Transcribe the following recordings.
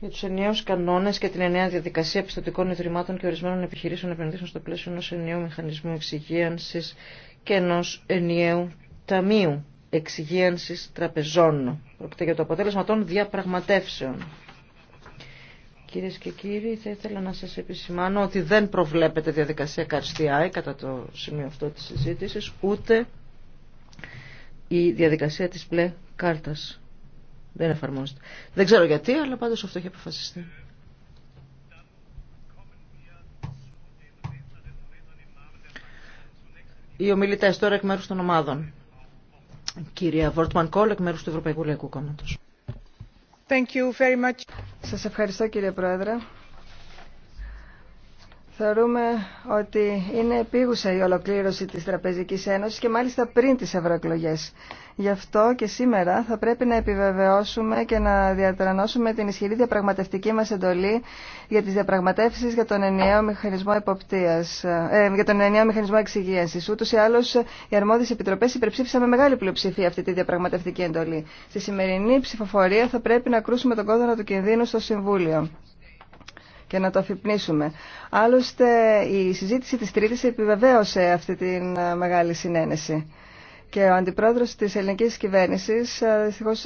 για του ενιαίου κανόνε και την ενιαία διαδικασία επιστοτικών ιδρυμάτων και ορισμένων επιχειρήσεων επενδύσεων στο πλαίσιο ενό ενιαίου μηχανισμού εξυγίανση και ενό ενιαίου ταμείου εξυγίανση τραπεζών. Πρόκειται για το αποτέλεσμα των διαπραγματεύσεων. Κυρίε και κύριοι, θα ήθελα να σα επισημάνω ότι δεν προβλέπεται διαδικασία καρστιάη κατά το σημείο αυτό τη συζήτηση, ούτε η διαδικασία τη πλε κάρτας. Δεν εφαρμόζεται. Δεν ξέρω γιατί, αλλά πάντως αυτό έχει αποφασιστεί. Οι ομιλητέ τώρα εκ μέρου των ομάδων. Κυρία Βόρτμαν Κόλ, εκ μέρου του Ευρωπαϊκού Λαϊκού Κόμματο. Σα Σας ευχαριστώ κύριε Πρόεδρε. Θεωρούμε ότι είναι επίγουσα η ολοκλήρωση της Τραπεζικής Ένωσης και μάλιστα πριν τις ευρωεκλογέ. Γι' αυτό και σήμερα θα πρέπει να επιβεβαιώσουμε και να διατρανώσουμε την ισχυρή διαπραγματευτική μας εντολή για τις διαπραγματεύσεις για τον ενιαίο μηχανισμό εποπτείας, ε, μηχανισμό εξυγίανσης. Ούτως ή άλλως οι αρμόδιες επιτροπές υπερψήφισαν με μεγάλη πλειοψηφία αυτή τη διαπραγματευτική εντολή. Στη σημερινή ψηφοφορία θα πρέπει να κρούσουμε τον κόδωνα του κινδύνου στο Συμβούλιο και να το αφυπνίσουμε. Άλλωστε η συζήτηση της Τρίτης επιβεβαίωσε αυτή τη ε, μεγάλη συνένεση. Και ο αντιπρόεδρος της ελληνικής κυβέρνησης ε, δυστυχώς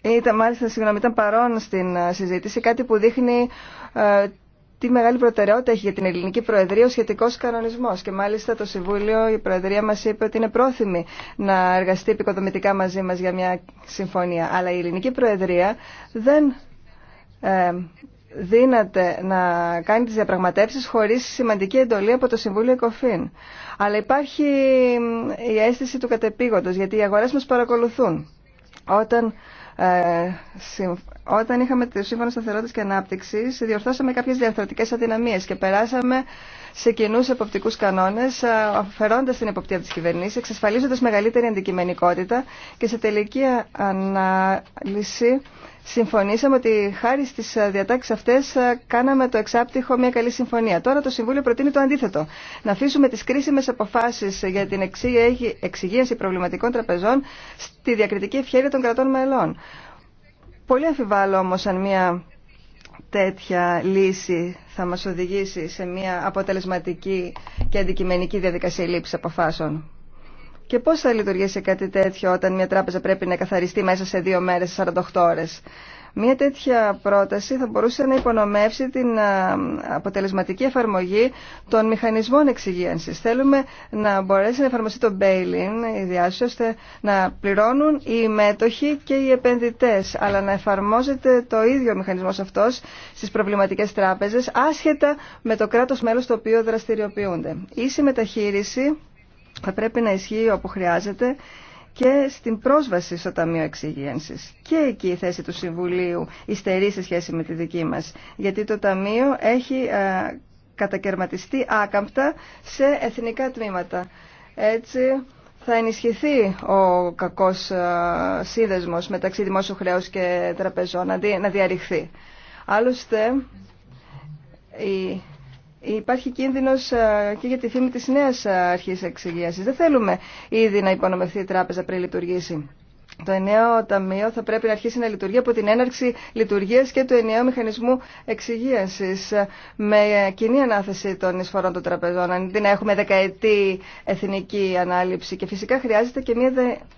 ε, ήταν, μάλιστα, συγγνώμη, ήταν παρόν στην συζήτηση, κάτι που δείχνει τι μεγάλη προτεραιότητα έχει για την ελληνική Προεδρία ο σχετικό κανονισμό. Και μάλιστα το Συμβούλιο, η Προεδρία μα είπε ότι είναι πρόθυμη να εργαστεί επικοδομητικά μαζί μα για μια συμφωνία. Αλλά η ελληνική Προεδρία δεν δύναται να κάνει τις διαπραγματεύσεις χωρίς σημαντική εντολή από το Συμβούλιο ΕΚΟΦΗΝ. Αλλά υπάρχει η αίσθηση του κατεπήγοντος, γιατί οι αγορές μας παρακολουθούν. Όταν, ε, όταν είχαμε το Σύμφωνο Σταθερότητας και Ανάπτυξης, διορθώσαμε κάποιες διαρθρωτικές αδυναμίες και περάσαμε σε κοινού εποπτικού κανόνε, αφαιρώντα την εποπτεία της τι εξασφαλίζοντα μεγαλύτερη αντικειμενικότητα και σε τελική ανάλυση συμφωνήσαμε ότι χάρη στι διατάξει αυτέ κάναμε το εξάπτυχο μια καλή συμφωνία. Τώρα το Συμβούλιο προτείνει το αντίθετο. Να αφήσουμε τι κρίσιμε αποφάσει για την εξυγίαση προβληματικών τραπεζών στη διακριτική ευχέρεια των κρατών μελών. Πολύ αμφιβάλλω όμω αν μια τέτοια λύση θα μας οδηγήσει σε μια αποτελεσματική και αντικειμενική διαδικασία λήψης αποφάσεων. Και πώς θα λειτουργήσει κάτι τέτοιο όταν μια τράπεζα πρέπει να καθαριστεί μέσα σε δύο μέρες, 48 ώρες. Μία τέτοια πρόταση θα μπορούσε να υπονομεύσει την αποτελεσματική εφαρμογή των μηχανισμών εξυγίανση. Θέλουμε να μπορέσει να εφαρμοστεί το bail-in, η ώστε να πληρώνουν οι μέτοχοι και οι επενδυτές, αλλά να εφαρμόζεται το ίδιο ο μηχανισμός αυτός στις προβληματικές τράπεζες, άσχετα με το κράτος μέλος το οποίο δραστηριοποιούνται. Η μεταχείριση θα πρέπει να ισχύει όπου χρειάζεται και στην πρόσβαση στο Ταμείο Εξυγένσης. Και εκεί η θέση του Συμβουλίου υστερεί σε σχέση με τη δική μα. γιατί το Ταμείο έχει ε, κατακαιρματιστεί άκαμπτα σε εθνικά τμήματα. Έτσι θα ενισχυθεί ο κακός ε, σύνδεσμος μεταξύ δημόσιου χρέους και τραπεζών να διαρριχθεί. Άλλωστε, η Υπάρχει κίνδυνο ε, και για τη φήμη τη νέα ε, αρχή εξυγίαση. Δεν θέλουμε ήδη να υπονομευθεί η τράπεζα πριν λειτουργήσει. Το ενιαίο ταμείο θα πρέπει να αρχίσει να λειτουργεί από την έναρξη λειτουργία και του ενιαίου μηχανισμού εξυγίαση ε, με κοινή ανάθεση των εισφορών των τραπεζών, αντί να έχουμε δεκαετή εθνική ανάληψη. Και φυσικά χρειάζεται και μια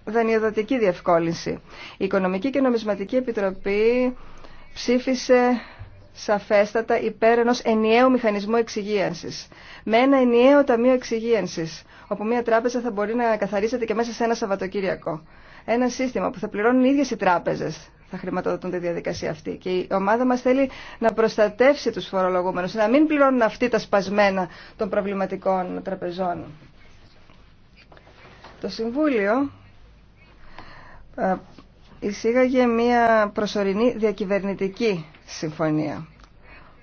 δανειοδοτική διευκόλυνση. Η Οικονομική και Νομισματική Επιτροπή ψήφισε σαφέστατα υπέρ ενός ενιαίου μηχανισμού εξυγίανσης. Με ένα ενιαίο ταμείο εξυγίανσης, όπου μια τράπεζα θα μπορεί να καθαρίζεται και μέσα σε ένα Σαββατοκύριακο. Ένα σύστημα που θα πληρώνουν οι ίδιες οι τράπεζες θα χρηματοδοτούν τη διαδικασία αυτή. Και η ομάδα μα θέλει να προστατεύσει τους φορολογούμενου, να μην πληρώνουν αυτοί τα σπασμένα των προβληματικών τραπεζών. Το Συμβούλιο ε, εισήγαγε μια προσωρινή διακυβερνητική συμφωνία.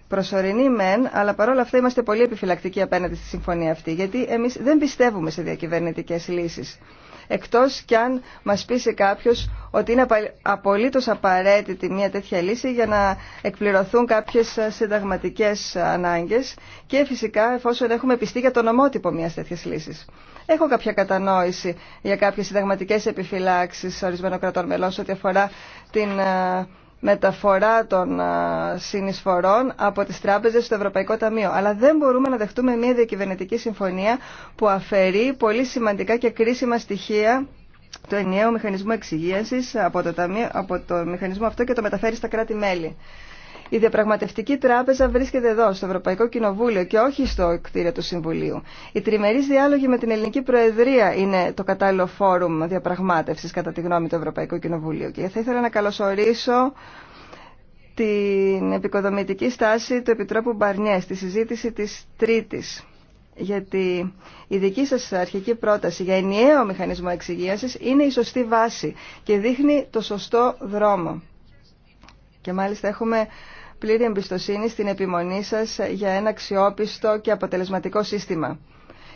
Προσωρινή μεν, αλλά παρόλα αυτά είμαστε πολύ επιφυλακτικοί απέναντι στη συμφωνία αυτή, γιατί εμείς δεν πιστεύουμε σε διακυβερνητικές λύσεις. Εκτός κι αν μας πείσει κάποιος ότι είναι απολύτως απαραίτητη μια τέτοια λύση για να εκπληρωθούν κάποιες συνταγματικές ανάγκες και φυσικά εφόσον έχουμε πιστεί για τον νομότυπο μιας τέτοιας λύσης. Έχω κάποια κατανόηση για κάποιες συνταγματικές επιφυλάξεις ορισμένων κρατών μελών ό,τι αφορά την ε, μεταφορά των συνεισφορών από τις τράπεζες στο Ευρωπαϊκό Ταμείο. Αλλά δεν μπορούμε να δεχτούμε μια διακυβερνητική συμφωνία που αφαιρεί πολύ σημαντικά και κρίσιμα στοιχεία του ενιαίου μηχανισμού εξυγίανσης από το, ταμείο, από το μηχανισμό αυτό και το μεταφέρει στα κράτη-μέλη. Η διαπραγματευτική τράπεζα βρίσκεται εδώ, στο Ευρωπαϊκό Κοινοβούλιο και όχι στο κτίριο του Συμβουλίου. Οι τριμερεί διάλογοι με την Ελληνική Προεδρία είναι το κατάλληλο φόρουμ διαπραγμάτευση, κατά τη γνώμη του Ευρωπαϊκού Κοινοβουλίου. Και θα ήθελα να καλωσορίσω την επικοδομητική στάση του Επιτρόπου Μπαρνιέ στη συζήτηση τη Τρίτη. γιατί η δική σα αρχική πρόταση για ενιαίο μηχανισμό εξυγίαση είναι η σωστή βάση και δείχνει το σωστό δρόμο. Και μάλιστα έχουμε πλήρη εμπιστοσύνη στην επιμονή σας για ένα αξιόπιστο και αποτελεσματικό σύστημα.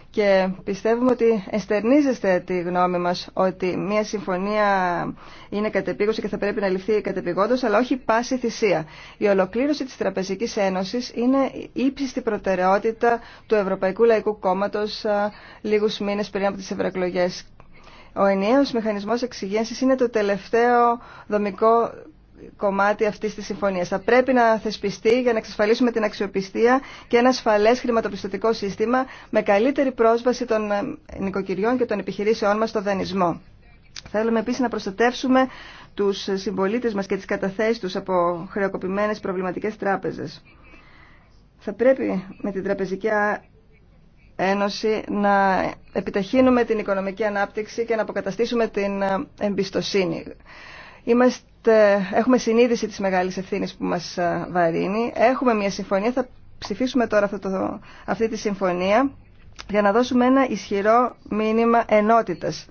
Και πιστεύουμε ότι εστερνίζεστε τη γνώμη μας ότι μια συμφωνία είναι κατεπίγουσα και θα πρέπει να ληφθεί κατεπηγόντως, αλλά όχι πάση θυσία. Η ολοκλήρωση της Τραπεζικής Ένωσης είναι ύψιστη προτεραιότητα του Ευρωπαϊκού Λαϊκού Κόμματος λίγους μήνες πριν από τις ευρωεκλογές. Ο ενιαίος μηχανισμός εξυγένσης είναι το τελευταίο δομικό κομμάτι αυτή τη συμφωνία. Θα πρέπει να θεσπιστεί για να εξασφαλίσουμε την αξιοπιστία και ένα ασφαλέ χρηματοπιστωτικό σύστημα με καλύτερη πρόσβαση των ε, νοικοκυριών και των επιχειρήσεών μα στο δανεισμό. Θέλουμε επίση να προστατεύσουμε του συμπολίτε μα και τι καταθέσει του από χρεοκοπημένε προβληματικέ τράπεζε. Θα πρέπει με την Τραπεζική Ένωση να επιταχύνουμε την οικονομική ανάπτυξη και να αποκαταστήσουμε την ε, εμπιστοσύνη. Είμαστε έχουμε συνείδηση της μεγάλης ευθύνης που μας ε, βαρύνει. Έχουμε μια συμφωνία, θα ψηφίσουμε τώρα αυτή τη συμφωνία για να δώσουμε ένα ισχυρό μήνυμα ενότητας.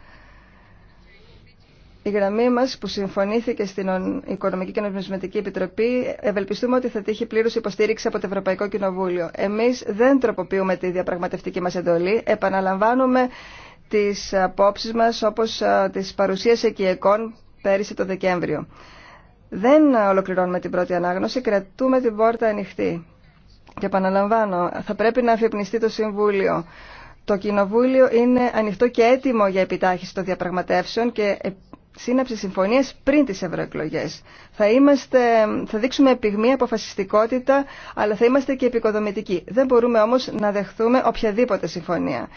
Η γραμμή μας που συμφωνήθηκε στην Οικονομική και Νομισματική Επιτροπή ευελπιστούμε ότι θα τύχει πλήρους υποστήριξη από το Ευρωπαϊκό Κοινοβούλιο. Εμείς δεν τροποποιούμε τη διαπραγματευτική μας εντολή, επαναλαμβάνουμε τις απόψεις μας όπως ε, τις παρουσίες οικιακών πέρυσι το Δεκέμβριο. Δεν ολοκληρώνουμε την πρώτη ανάγνωση, κρατούμε την πόρτα ανοιχτή. Και επαναλαμβάνω, θα πρέπει να αφυπνιστεί το Συμβούλιο. Το Κοινοβούλιο είναι ανοιχτό και έτοιμο για επιτάχυση των διαπραγματεύσεων και ε, σύναψη συμφωνίε πριν τι ευρωεκλογέ. Θα, είμαστε, θα δείξουμε πυγμή αποφασιστικότητα, αλλά θα είμαστε και επικοδομητικοί. Δεν μπορούμε όμω να δεχθούμε οποιαδήποτε συμφωνία.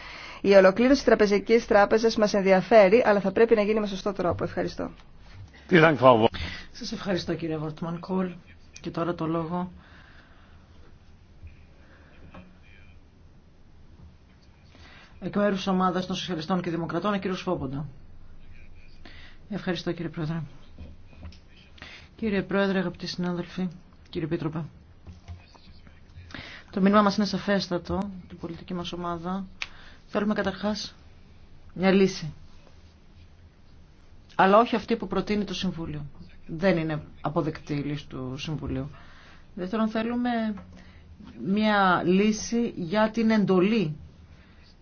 Η ολοκλήρωση της Τραπεζικής Τράπεζας μας ενδιαφέρει, αλλά θα πρέπει να γίνει με σωστό τρόπο. Ευχαριστώ. Σας ευχαριστώ κύριε Βορτμαν Κόλ. Και τώρα το λόγο εκ μέρου τη ομάδα των Σοσιαλιστών και Δημοκρατών, κύριο Ευχαριστώ κύριε Πρόεδρε. Κύριε Πρόεδρε, αγαπητοί συνάδελφοι, κύριε Πίτροπε. Το μήνυμα μας είναι σαφέστατο, την πολιτική μας ομάδα, Θέλουμε καταρχάς μια λύση. Αλλά όχι αυτή που προτείνει το Συμβούλιο. Δεν είναι αποδεκτή η λύση του Συμβουλίου. Δεύτερον, θέλουμε μια λύση για την εντολή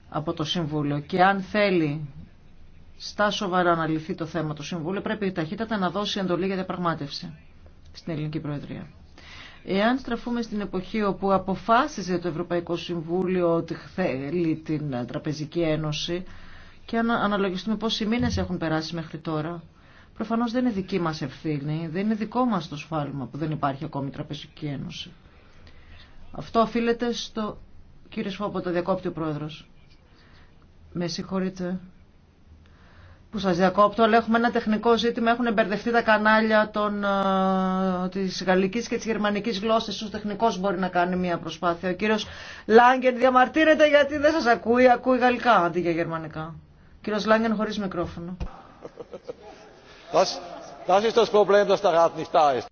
από το Συμβούλιο. Και αν θέλει στα σοβαρά να λυθεί το θέμα το Συμβούλιο, πρέπει ταχύτατα να δώσει εντολή για διαπραγμάτευση στην Ελληνική Προεδρία. Εάν στραφούμε στην εποχή όπου αποφάσισε το Ευρωπαϊκό Συμβούλιο ότι θέλει την Τραπεζική Ένωση και αναλογιστούμε πόσοι μήνες έχουν περάσει μέχρι τώρα, προφανώς δεν είναι δική μας ευθύνη, δεν είναι δικό μας το σφάλμα που δεν υπάρχει ακόμη Τραπεζική Ένωση. Αυτό οφείλεται στο... Κύριε Σφόπο, το διακόπτει ο Πρόεδρος. Με συγχωρείτε που σας διακόπτω, αλλά έχουμε ένα τεχνικό ζήτημα. Έχουν εμπερδευτεί τα κανάλια των, ε, της γαλλικής και της γερμανικής γλώσσας. ο τεχνικός μπορεί να κάνει μια προσπάθεια. Ο κύριος Λάγκεν διαμαρτύρεται γιατί δεν σας ακούει. Ακούει γαλλικά αντί για γερμανικά. Ο κύριος Λάγκεν χωρίς μικρόφωνο.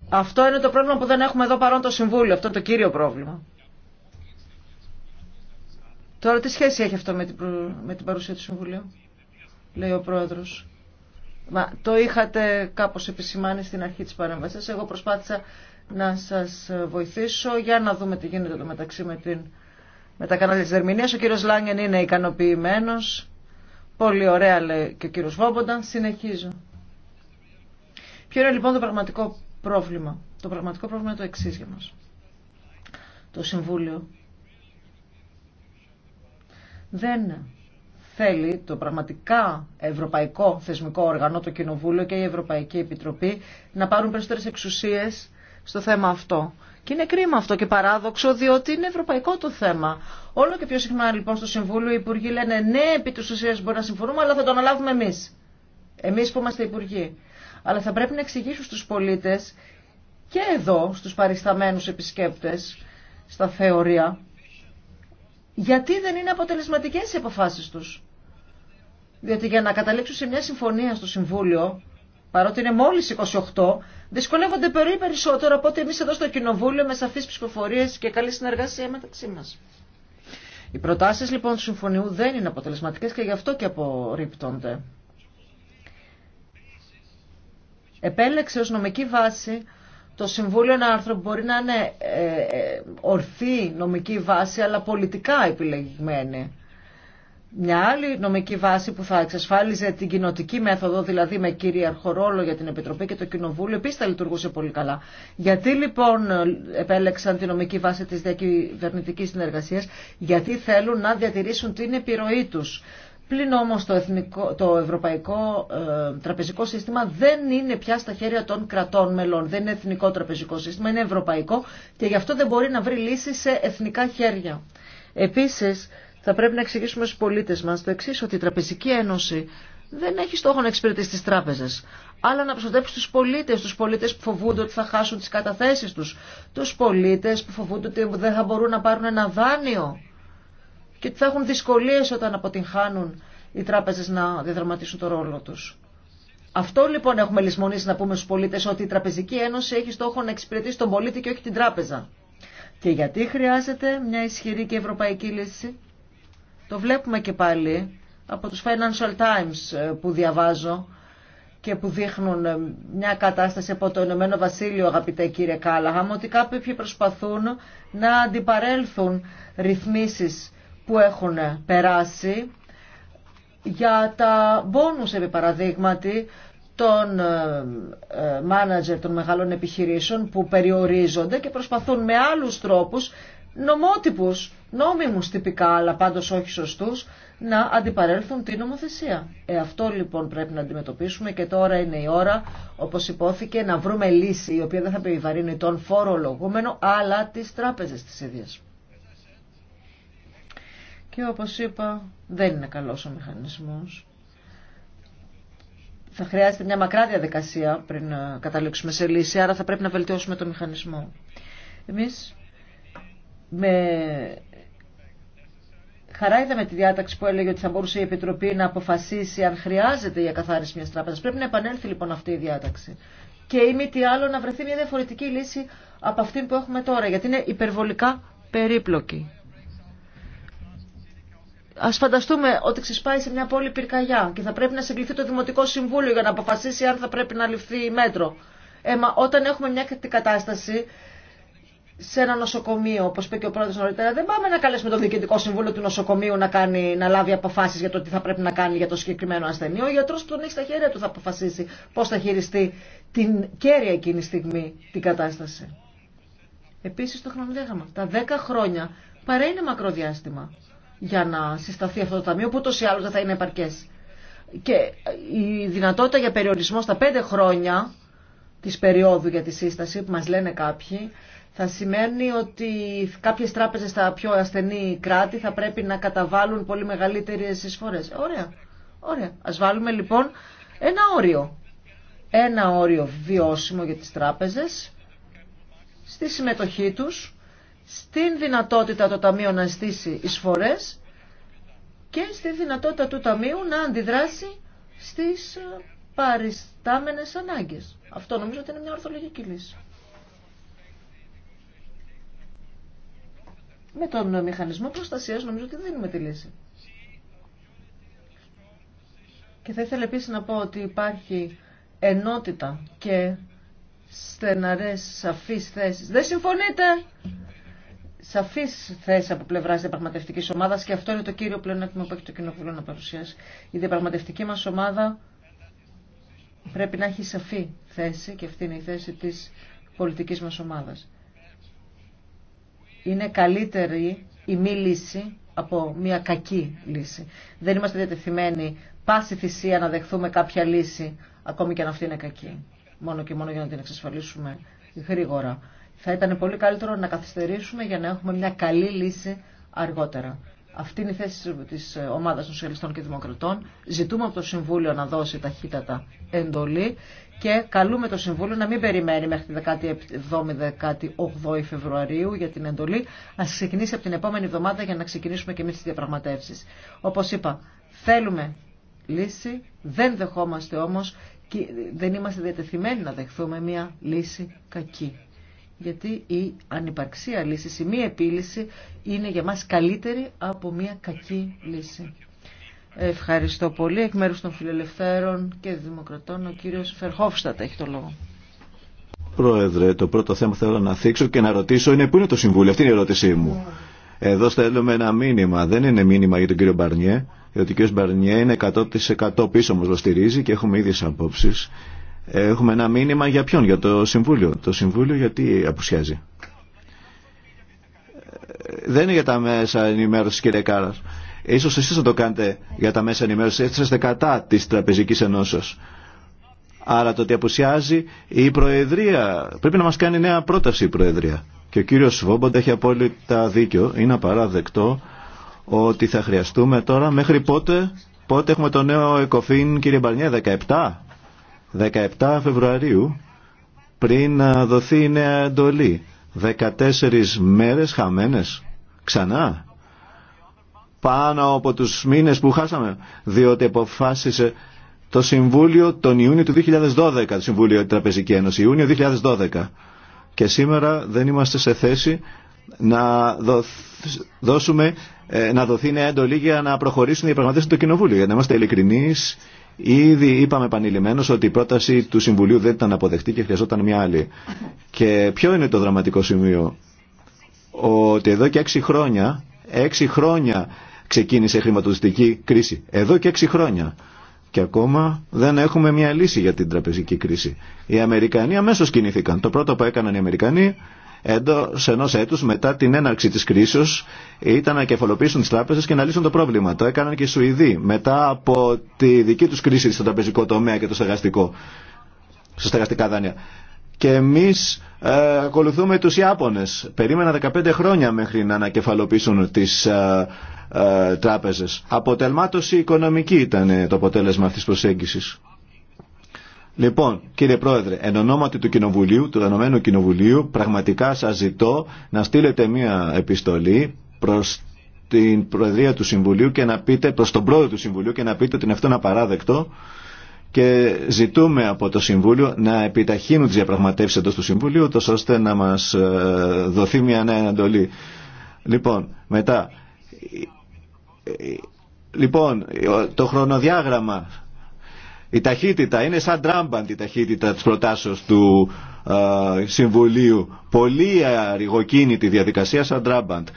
Αυτό είναι το πρόβλημα που δεν έχουμε εδώ παρόν το Συμβούλιο. Αυτό είναι το κύριο πρόβλημα. Τώρα τι σχέση έχει αυτό με την, με την παρουσία του Συμβουλίου λέει ο πρόεδρος. Μα, το είχατε κάπως επισημάνει στην αρχή της παρέμβασης. Εγώ προσπάθησα να σας βοηθήσω για να δούμε τι γίνεται το μεταξύ με, την, με τα κανάλια της Δερμηνίας. Ο κύριος Λάγκεν είναι ικανοποιημένος. Πολύ ωραία λέει και ο κύριος Βόμποντα. Συνεχίζω. Ποιο είναι λοιπόν το πραγματικό πρόβλημα. Το πραγματικό πρόβλημα είναι το εξή για μας. Το Συμβούλιο δεν θέλει το πραγματικά ευρωπαϊκό θεσμικό όργανο, το Κοινοβούλιο και η Ευρωπαϊκή Επιτροπή να πάρουν περισσότερες εξουσίες στο θέμα αυτό. Και είναι κρίμα αυτό και παράδοξο, διότι είναι ευρωπαϊκό το θέμα. Όλο και πιο συχνά λοιπόν στο Συμβούλιο οι Υπουργοί λένε ναι, επί τη ουσία μπορεί να συμφωνούμε, αλλά θα το αναλάβουμε εμεί. Εμεί που είμαστε Υπουργοί. Αλλά θα πρέπει να εξηγήσουν στου πολίτε και εδώ, στου παρισταμένου επισκέπτε, στα θεωρία, γιατί δεν είναι αποτελεσματικέ οι αποφάσει του. Διότι για να καταλήξουν σε μια συμφωνία στο Συμβούλιο, παρότι είναι μόλι 28, δυσκολεύονται πολύ περισσότερο από ότι εμεί εδώ στο Κοινοβούλιο με σαφεί ψηφοφορίε και καλή συνεργασία μεταξύ μα. Οι προτάσει λοιπόν του Συμφωνιού δεν είναι αποτελεσματικέ και γι' αυτό και απορρίπτονται. Επέλεξε ω νομική βάση το Συμβούλιο ένα άρθρο που μπορεί να είναι ε, ε ορθή νομική βάση, αλλά πολιτικά επιλεγμένη μια άλλη νομική βάση που θα εξασφάλιζε την κοινοτική μέθοδο, δηλαδή με κυρίαρχο ρόλο για την Επιτροπή και το Κοινοβούλιο, επίση θα λειτουργούσε πολύ καλά. Γιατί λοιπόν επέλεξαν τη νομική βάση τη διακυβερνητική συνεργασία, γιατί θέλουν να διατηρήσουν την επιρροή του. Πλην όμω το, το ευρωπαϊκό ε, τραπεζικό σύστημα δεν είναι πια στα χέρια των κρατών μελών. Δεν είναι εθνικό τραπεζικό σύστημα, είναι ευρωπαϊκό και γι' αυτό δεν μπορεί να βρει λύσει σε εθνικά χέρια. Επίση, θα πρέπει να εξηγήσουμε στους πολίτες μας το εξή ότι η Τραπεζική Ένωση δεν έχει στόχο να εξυπηρετήσει τις τράπεζες, αλλά να προστατεύσει του πολίτες, τους πολίτες που φοβούνται ότι θα χάσουν τις καταθέσεις τους, τους πολίτες που φοβούνται ότι δεν θα μπορούν να πάρουν ένα δάνειο και ότι θα έχουν δυσκολίες όταν αποτυγχάνουν οι τράπεζες να διαδραματίσουν το ρόλο τους. Αυτό λοιπόν έχουμε λησμονήσει να πούμε στους πολίτες ότι η Τραπεζική Ένωση έχει στόχο να εξυπηρετήσει τον πολίτη και όχι την τράπεζα. Και γιατί χρειάζεται μια ισχυρή και ευρωπαϊκή λύση. Το βλέπουμε και πάλι από τους Financial Times ε, που διαβάζω και που δείχνουν ε, μια κατάσταση από το Ηνωμένο Βασίλειο, αγαπητέ κύριε κάλα, ότι κάποιοι προσπαθούν να αντιπαρέλθουν ρυθμίσεις που έχουν περάσει για τα μπόνους, επί παραδείγματι, των μάνατζερ ε, των μεγάλων επιχειρήσεων που περιορίζονται και προσπαθούν με άλλους τρόπους νομότυπους, νόμιμους τυπικά, αλλά πάντως όχι σωστούς, να αντιπαρέλθουν την νομοθεσία. Ε, αυτό λοιπόν πρέπει να αντιμετωπίσουμε και τώρα είναι η ώρα, όπως υπόθηκε, να βρούμε λύση η οποία δεν θα επιβαρύνει τον φορολογούμενο, αλλά τις τράπεζες της ίδιας. Και όπως είπα, δεν είναι καλός ο μηχανισμός. Θα χρειάζεται μια μακρά διαδικασία πριν ε, καταλήξουμε σε λύση, άρα θα πρέπει να βελτιώσουμε τον μηχανισμό. Εμείς με χαρά είδαμε τη διάταξη που έλεγε ότι θα μπορούσε η Επιτροπή να αποφασίσει αν χρειάζεται η ακαθάριση μια τράπεζας. Πρέπει να επανέλθει λοιπόν αυτή η διάταξη. Και ή μη τι άλλο να βρεθεί μια διαφορετική λύση από αυτή που έχουμε τώρα, γιατί είναι υπερβολικά περίπλοκη. Α φανταστούμε ότι ξεσπάει σε μια πόλη πυρκαγιά και θα πρέπει να συγκληθεί το Δημοτικό Συμβούλιο για να αποφασίσει αν θα πρέπει να ληφθεί μέτρο. Έμα ε, όταν έχουμε μια κατάσταση, σε ένα νοσοκομείο, όπω είπε και ο πρόεδρο νωρίτερα, δεν πάμε να καλέσουμε το διοικητικό συμβούλιο του νοσοκομείου να, κάνει, να λάβει αποφάσει για το τι θα πρέπει να κάνει για το συγκεκριμένο ασθενή. Ο γιατρό που τον έχει στα χέρια του θα αποφασίσει πώ θα χειριστεί την κέρια εκείνη στιγμή την κατάσταση. Επίση το χρονοδιάγραμμα. Τα 10 χρόνια παρά είναι μακροδιάστημα για να συσταθεί αυτό το ταμείο που ούτω ή άλλω δεν θα είναι επαρκέ. Και η δυνατότητα για περιορισμό στα 5 χρόνια τη περίοδου για τη σύσταση που μα λένε κάποιοι θα σημαίνει ότι κάποιες τράπεζες στα πιο ασθενή κράτη θα πρέπει να καταβάλουν πολύ μεγαλύτερες εισφορές. Ωραία, ωραία. Ας βάλουμε λοιπόν ένα όριο. Ένα όριο βιώσιμο για τις τράπεζες στη συμμετοχή τους, στην δυνατότητα το Ταμείο να στήσει εισφορές και στη δυνατότητα του Ταμείου να αντιδράσει στις παριστάμενες ανάγκες. Αυτό νομίζω ότι είναι μια ορθολογική λύση. με τον μηχανισμό προστασίας νομίζω ότι δίνουμε τη λύση. Και θα ήθελα επίσης να πω ότι υπάρχει ενότητα και στεναρές, σαφείς θέσεις. Δεν συμφωνείτε! Σαφείς θέσεις από πλευράς διαπραγματευτική ομάδας και αυτό είναι το κύριο πλεονέκτημα που έχει το Κοινοβουλίο να παρουσιάσει. Η διαπραγματευτική μας ομάδα πρέπει να έχει σαφή θέση και αυτή είναι η θέση τη πολιτική μα ομάδα είναι καλύτερη η μη λύση από μια κακή λύση. Δεν είμαστε διατεθειμένοι πάση θυσία να δεχθούμε κάποια λύση, ακόμη και αν αυτή είναι κακή. Μόνο και μόνο για να την εξασφαλίσουμε γρήγορα. Θα ήταν πολύ καλύτερο να καθυστερήσουμε για να έχουμε μια καλή λύση αργότερα. Αυτή είναι η θέση τη ομάδα των Σοσιαλιστών και Δημοκρατών. Ζητούμε από το Συμβούλιο να δώσει ταχύτατα εντολή και καλούμε το Συμβούλιο να μην περιμένει μέχρι τη 17η-18η Φεβρουαρίου για την εντολή. Α ξεκινήσει από την επόμενη εβδομάδα για να ξεκινήσουμε και εμεί τι διαπραγματεύσει. Όπω είπα, θέλουμε λύση, δεν δεχόμαστε όμω και δεν είμαστε διατεθειμένοι να δεχθούμε μια λύση κακή γιατί η ανυπαρξία λύση, η μη επίλυση είναι για μας καλύτερη από μια κακή λύση. Ευχαριστώ πολύ. Εκ μέρους των φιλελευθέρων και δημοκρατών ο κύριος Φερχόφστατ έχει το λόγο. Πρόεδρε, το πρώτο θέμα θέλω να θίξω και να ρωτήσω είναι πού είναι το Συμβούλιο. Αυτή είναι η ερώτησή μου. Εδώ στέλνουμε ένα μήνυμα. Δεν είναι μήνυμα για τον κύριο Μπαρνιέ, διότι ο κύριο Μπαρνιέ είναι 100% πίσω μα, το στηρίζει και έχουμε ίδιε απόψει Έχουμε ένα μήνυμα για ποιον, για το Συμβούλιο. Το Συμβούλιο γιατί απουσιάζει. Ε, δεν είναι για τα μέσα ενημέρωση, κύριε Κάρα. Ίσως εσεί θα το κάνετε για τα μέσα ενημέρωση. Έτσι είστε κατά τη τραπεζική ενώσεω. Άρα το ότι απουσιάζει η Προεδρία. Πρέπει να μα κάνει νέα πρόταση η Προεδρία. Και ο κύριο Σβόμποντα έχει απόλυτα δίκιο. Είναι απαράδεκτο ότι θα χρειαστούμε τώρα μέχρι πότε, πότε έχουμε το νέο ΕΚΟΦΗΝ κύριε Μπαρνιέ, 17 17 Φεβρουαρίου πριν να δοθεί η νέα εντολή. 14 μέρες χαμένες. Ξανά. Πάνω από τους μήνες που χάσαμε. Διότι αποφάσισε το Συμβούλιο τον Ιούνιο του 2012. Το Συμβούλιο Τραπεζική Ένωση. Ιούνιο 2012. Και σήμερα δεν είμαστε σε θέση να δώσουμε ε, να δοθεί νέα εντολή για να προχωρήσουν οι διαπραγματεύσει του Κοινοβούλιο. Για να είμαστε ειλικρινεί, Ήδη είπαμε επανειλημμένω ότι η πρόταση του Συμβουλίου δεν ήταν αποδεκτή και χρειαζόταν μια άλλη. Και ποιο είναι το δραματικό σημείο. Ότι εδώ και έξι χρόνια, έξι χρόνια ξεκίνησε η χρηματοδοτική κρίση. Εδώ και έξι χρόνια. Και ακόμα δεν έχουμε μια λύση για την τραπεζική κρίση. Οι Αμερικανοί αμέσω κινήθηκαν. Το πρώτο που έκαναν οι Αμερικανοί εντό ενό έτου μετά την έναρξη τη κρίσης ήταν να κεφαλοποιήσουν τι τράπεζε και να λύσουν το πρόβλημα. Το έκαναν και οι Σουηδοί μετά από τη δική του κρίση στο τραπεζικό τομέα και το στεγαστικό. Στα στεγαστικά δάνεια. Και εμεί ε, ακολουθούμε του Ιάπωνε. Περίμενα 15 χρόνια μέχρι να ανακεφαλοποιήσουν τι ε, ε τράπεζε. Αποτελμάτωση οικονομική ήταν το αποτέλεσμα αυτή τη προσέγγιση. Λοιπόν, κύριε Πρόεδρε, εν ονόματι του Κοινοβουλίου, του Ενωμένου Κοινοβουλίου, πραγματικά σας ζητώ να στείλετε μία επιστολή προς την Προεδρία του Συμβουλίου και να πείτε, προς τον Πρόεδρο του Συμβουλίου και να πείτε ότι είναι αυτό απαράδεκτο και ζητούμε από το Συμβούλιο να επιταχύνουν τις διαπραγματεύσεις εντός του Συμβουλίου ώστε να μας ε, δοθεί μια νέα εντολή. Λοιπόν, μετά... Ε, ε, λοιπόν, το χρονοδιάγραμμα η ταχύτητα είναι σαν τράμπαν η ταχύτητα της προτάσεως του ε, Συμβουλίου. Πολύ ε, αργοκίνητη διαδικασία σαν τράμπαντ.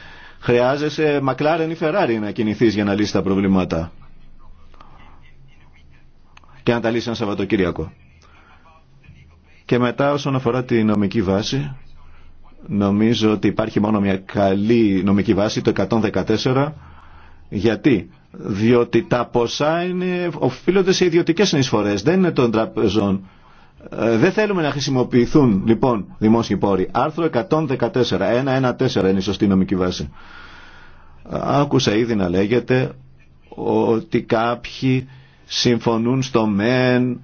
Χρειάζεσαι Μακλάρεν ή Φεράρι να κινηθείς για να λύσεις τα προβλήματα. Και να τα λύσεις ένα Σαββατοκύριακο. Και μετά όσον αφορά τη νομική βάση, νομίζω ότι υπάρχει μόνο μια καλή νομική βάση, το 114, γιατί διότι τα ποσά είναι, οφείλονται σε ιδιωτικές συνεισφορές, δεν είναι των τραπεζών. Ε, δεν θέλουμε να χρησιμοποιηθούν λοιπόν δημόσιοι πόροι. Άρθρο 114, 114 είναι η σωστή νομική βάση. Άκουσα ήδη να λέγεται ότι κάποιοι συμφωνούν στο μεν,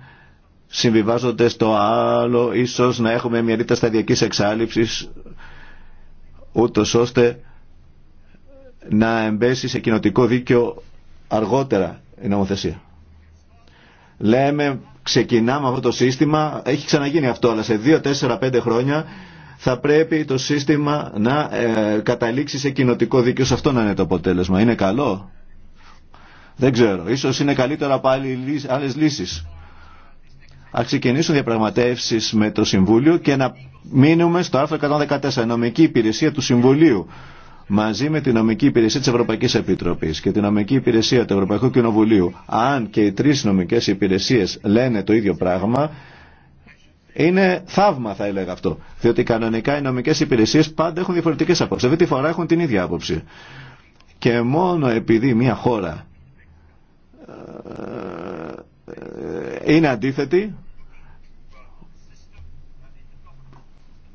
συμβιβάζονται στο άλλο, ίσως να έχουμε μια ρήτα σταδιακής εξάλληψης, ούτως ώστε να εμπέσει σε κοινοτικό δίκαιο αργότερα η νομοθεσία. Λέμε, ξεκινάμε αυτό το σύστημα, έχει ξαναγίνει αυτό, αλλά σε 2, 4, 5 χρόνια θα πρέπει το σύστημα να ε, καταλήξει σε κοινοτικό δίκαιο. Σε αυτό να είναι το αποτέλεσμα. Είναι καλό. Δεν ξέρω. Ίσως είναι καλύτερα από άλλες λύσεις. Α ξεκινήσουν διαπραγματεύσει με το Συμβούλιο και να μείνουμε στο άρθρο 114, νομική υπηρεσία του Συμβουλίου μαζί με την νομική υπηρεσία της Ευρωπαϊκής Επιτροπής και την νομική υπηρεσία του Ευρωπαϊκού Κοινοβουλίου, αν και οι τρεις νομικές υπηρεσίες λένε το ίδιο πράγμα, είναι θαύμα θα έλεγα αυτό. Διότι κανονικά οι νομικές υπηρεσίες πάντα έχουν διαφορετικέ απόψεις. Αυτή τη φορά έχουν την ίδια άποψη. Και μόνο επειδή μια χώρα ε, ε, ε, είναι αντίθετη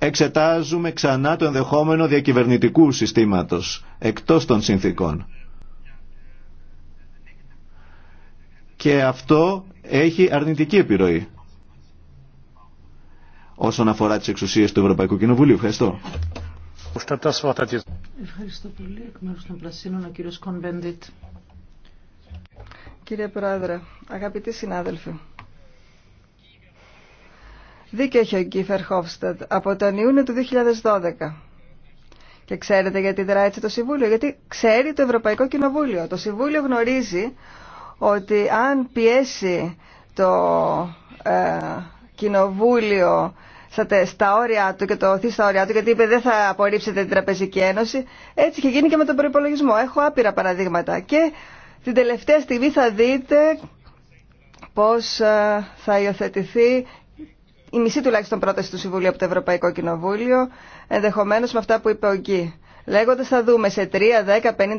εξετάζουμε ξανά το ενδεχόμενο διακυβερνητικού συστήματος εκτός των συνθήκων. Και αυτό έχει αρνητική επιρροή όσον αφορά τις εξουσίες του Ευρωπαϊκού Κοινοβουλίου. Ευχαριστώ. Ευχαριστώ πολύ. ο κύριος Κονβέντιτ. Κύριε Πρόεδρε, αγαπητοί συνάδελφοι, Δίκαιο έχει ο Γκίφερ Χόφστατ από τον Ιούνιο του 2012. Και ξέρετε γιατί δράει έτσι το Συμβούλιο. Γιατί ξέρει το Ευρωπαϊκό Κοινοβούλιο. Το Συμβούλιο γνωρίζει ότι αν πιέσει το ε, Κοινοβούλιο στα, όρια του και το οθεί στα όρια του, γιατί είπε δεν θα απορρίψετε την Τραπεζική Ένωση. Έτσι είχε γίνει και με τον προπολογισμό. Έχω άπειρα παραδείγματα. Και την τελευταία στιγμή θα δείτε πώς ε, θα υιοθετηθεί η μισή τουλάχιστον πρόταση του Συμβουλίου από το Ευρωπαϊκό Κοινοβούλιο, ενδεχομένω με αυτά που είπε ο Γκί. Λέγοντα θα δούμε σε 3, 10,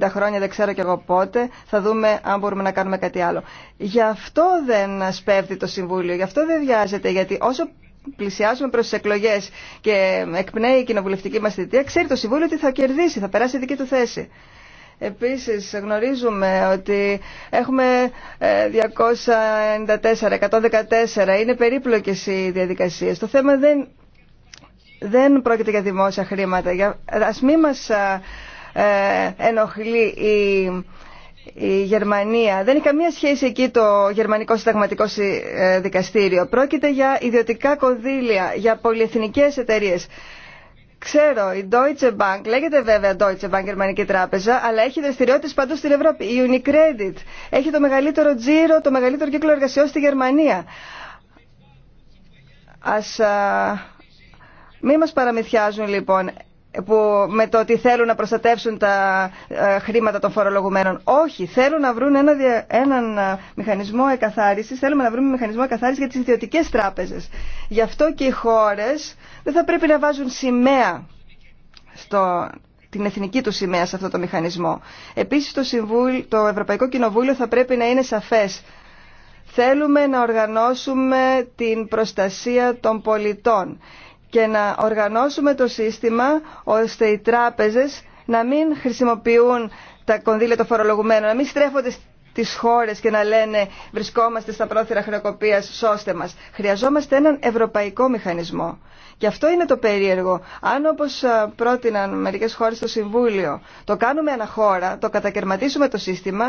50 χρόνια, δεν ξέρω κι εγώ πότε, θα δούμε αν μπορούμε να κάνουμε κάτι άλλο. Γι' αυτό δεν σπέβδει το Συμβούλιο, γι' αυτό δεν βιάζεται, γιατί όσο πλησιάζουμε προ τι εκλογέ και εκπνέει η κοινοβουλευτική μα θητεία, ξέρει το Συμβούλιο ότι θα κερδίσει, θα περάσει δική του θέση. Επίσης γνωρίζουμε ότι έχουμε 294, ε, 114, είναι περίπλοκες οι διαδικασίες. Το θέμα δεν, δεν πρόκειται για δημόσια χρήματα. Για, ας μην μας ε, ε, ενοχλεί η, Γερμανία. Δεν έχει καμία σχέση εκεί το Γερμανικό Συνταγματικό Δικαστήριο. Πρόκειται για ιδιωτικά κονδύλια, για πολυεθνικές εταιρείες. Ξέρω, η Deutsche Bank, λέγεται βέβαια Deutsche Bank Γερμανική Τράπεζα, αλλά έχει δραστηριότητε παντού στην Ευρώπη. Η Unicredit έχει το μεγαλύτερο τζίρο, το μεγαλύτερο κύκλο εργασιών στη Γερμανία. Ας α, μην μας παραμυθιάζουν λοιπόν που με το ότι θέλουν να προστατεύσουν τα ε, χρήματα των φορολογουμένων. Όχι, θέλουν να βρουν ένα, έναν ε, μηχανισμό εκαθάρισης, θέλουμε να βρούμε μηχανισμό εκαθάρισης για τις ιδιωτικέ τράπεζες. Γι' αυτό και οι χώρες δεν θα πρέπει να βάζουν σημαία στο, την εθνική του σημαία σε αυτό το μηχανισμό. Επίσης το, το Ευρωπαϊκό Κοινοβούλιο θα πρέπει να είναι σαφές. Θέλουμε να οργανώσουμε την προστασία των πολιτών και να οργανώσουμε το σύστημα ώστε οι τράπεζες να μην χρησιμοποιούν τα κονδύλια των φορολογουμένων, να μην στρέφονται τις χώρες και να λένε βρισκόμαστε στα πρόθυρα χρεοκοπίας, σώστε μας. Χρειαζόμαστε έναν ευρωπαϊκό μηχανισμό. Και αυτό είναι το περίεργο. Αν όπω πρότειναν μερικέ χώρε στο Συμβούλιο, το κάνουμε ένα χώρα, το κατακαιρματίσουμε το σύστημα,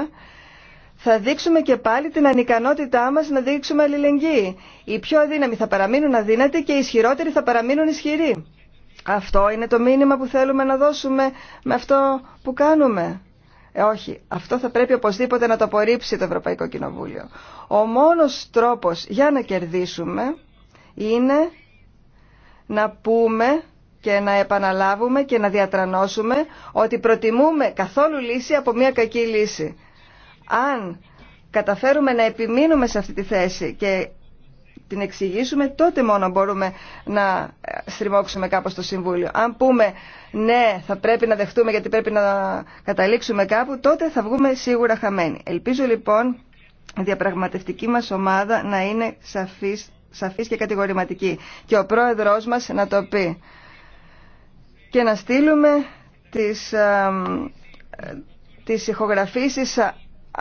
θα δείξουμε και πάλι την ανικανότητά μας να δείξουμε αλληλεγγύη. Οι πιο αδύναμοι θα παραμείνουν αδύνατοι και οι ισχυρότεροι θα παραμείνουν ισχυροί. Αυτό είναι το μήνυμα που θέλουμε να δώσουμε με αυτό που κάνουμε. Ε, όχι, αυτό θα πρέπει οπωσδήποτε να το απορρίψει το Ευρωπαϊκό Κοινοβούλιο. Ο μόνος τρόπος για να κερδίσουμε είναι να πούμε και να επαναλάβουμε και να διατρανώσουμε ότι προτιμούμε καθόλου λύση από μια κακή λύση. Αν καταφέρουμε να επιμείνουμε σε αυτή τη θέση και την εξηγήσουμε, τότε μόνο μπορούμε να ε, στριμώξουμε κάπως το Συμβούλιο. Αν πούμε ναι, θα πρέπει να δεχτούμε γιατί πρέπει να καταλήξουμε κάπου, τότε θα βγούμε σίγουρα χαμένοι. Ελπίζω λοιπόν η διαπραγματευτική μας ομάδα να είναι σαφής, σαφής και κατηγορηματική και ο πρόεδρός μας να το πει και να στείλουμε τις, α, ε, ε, τις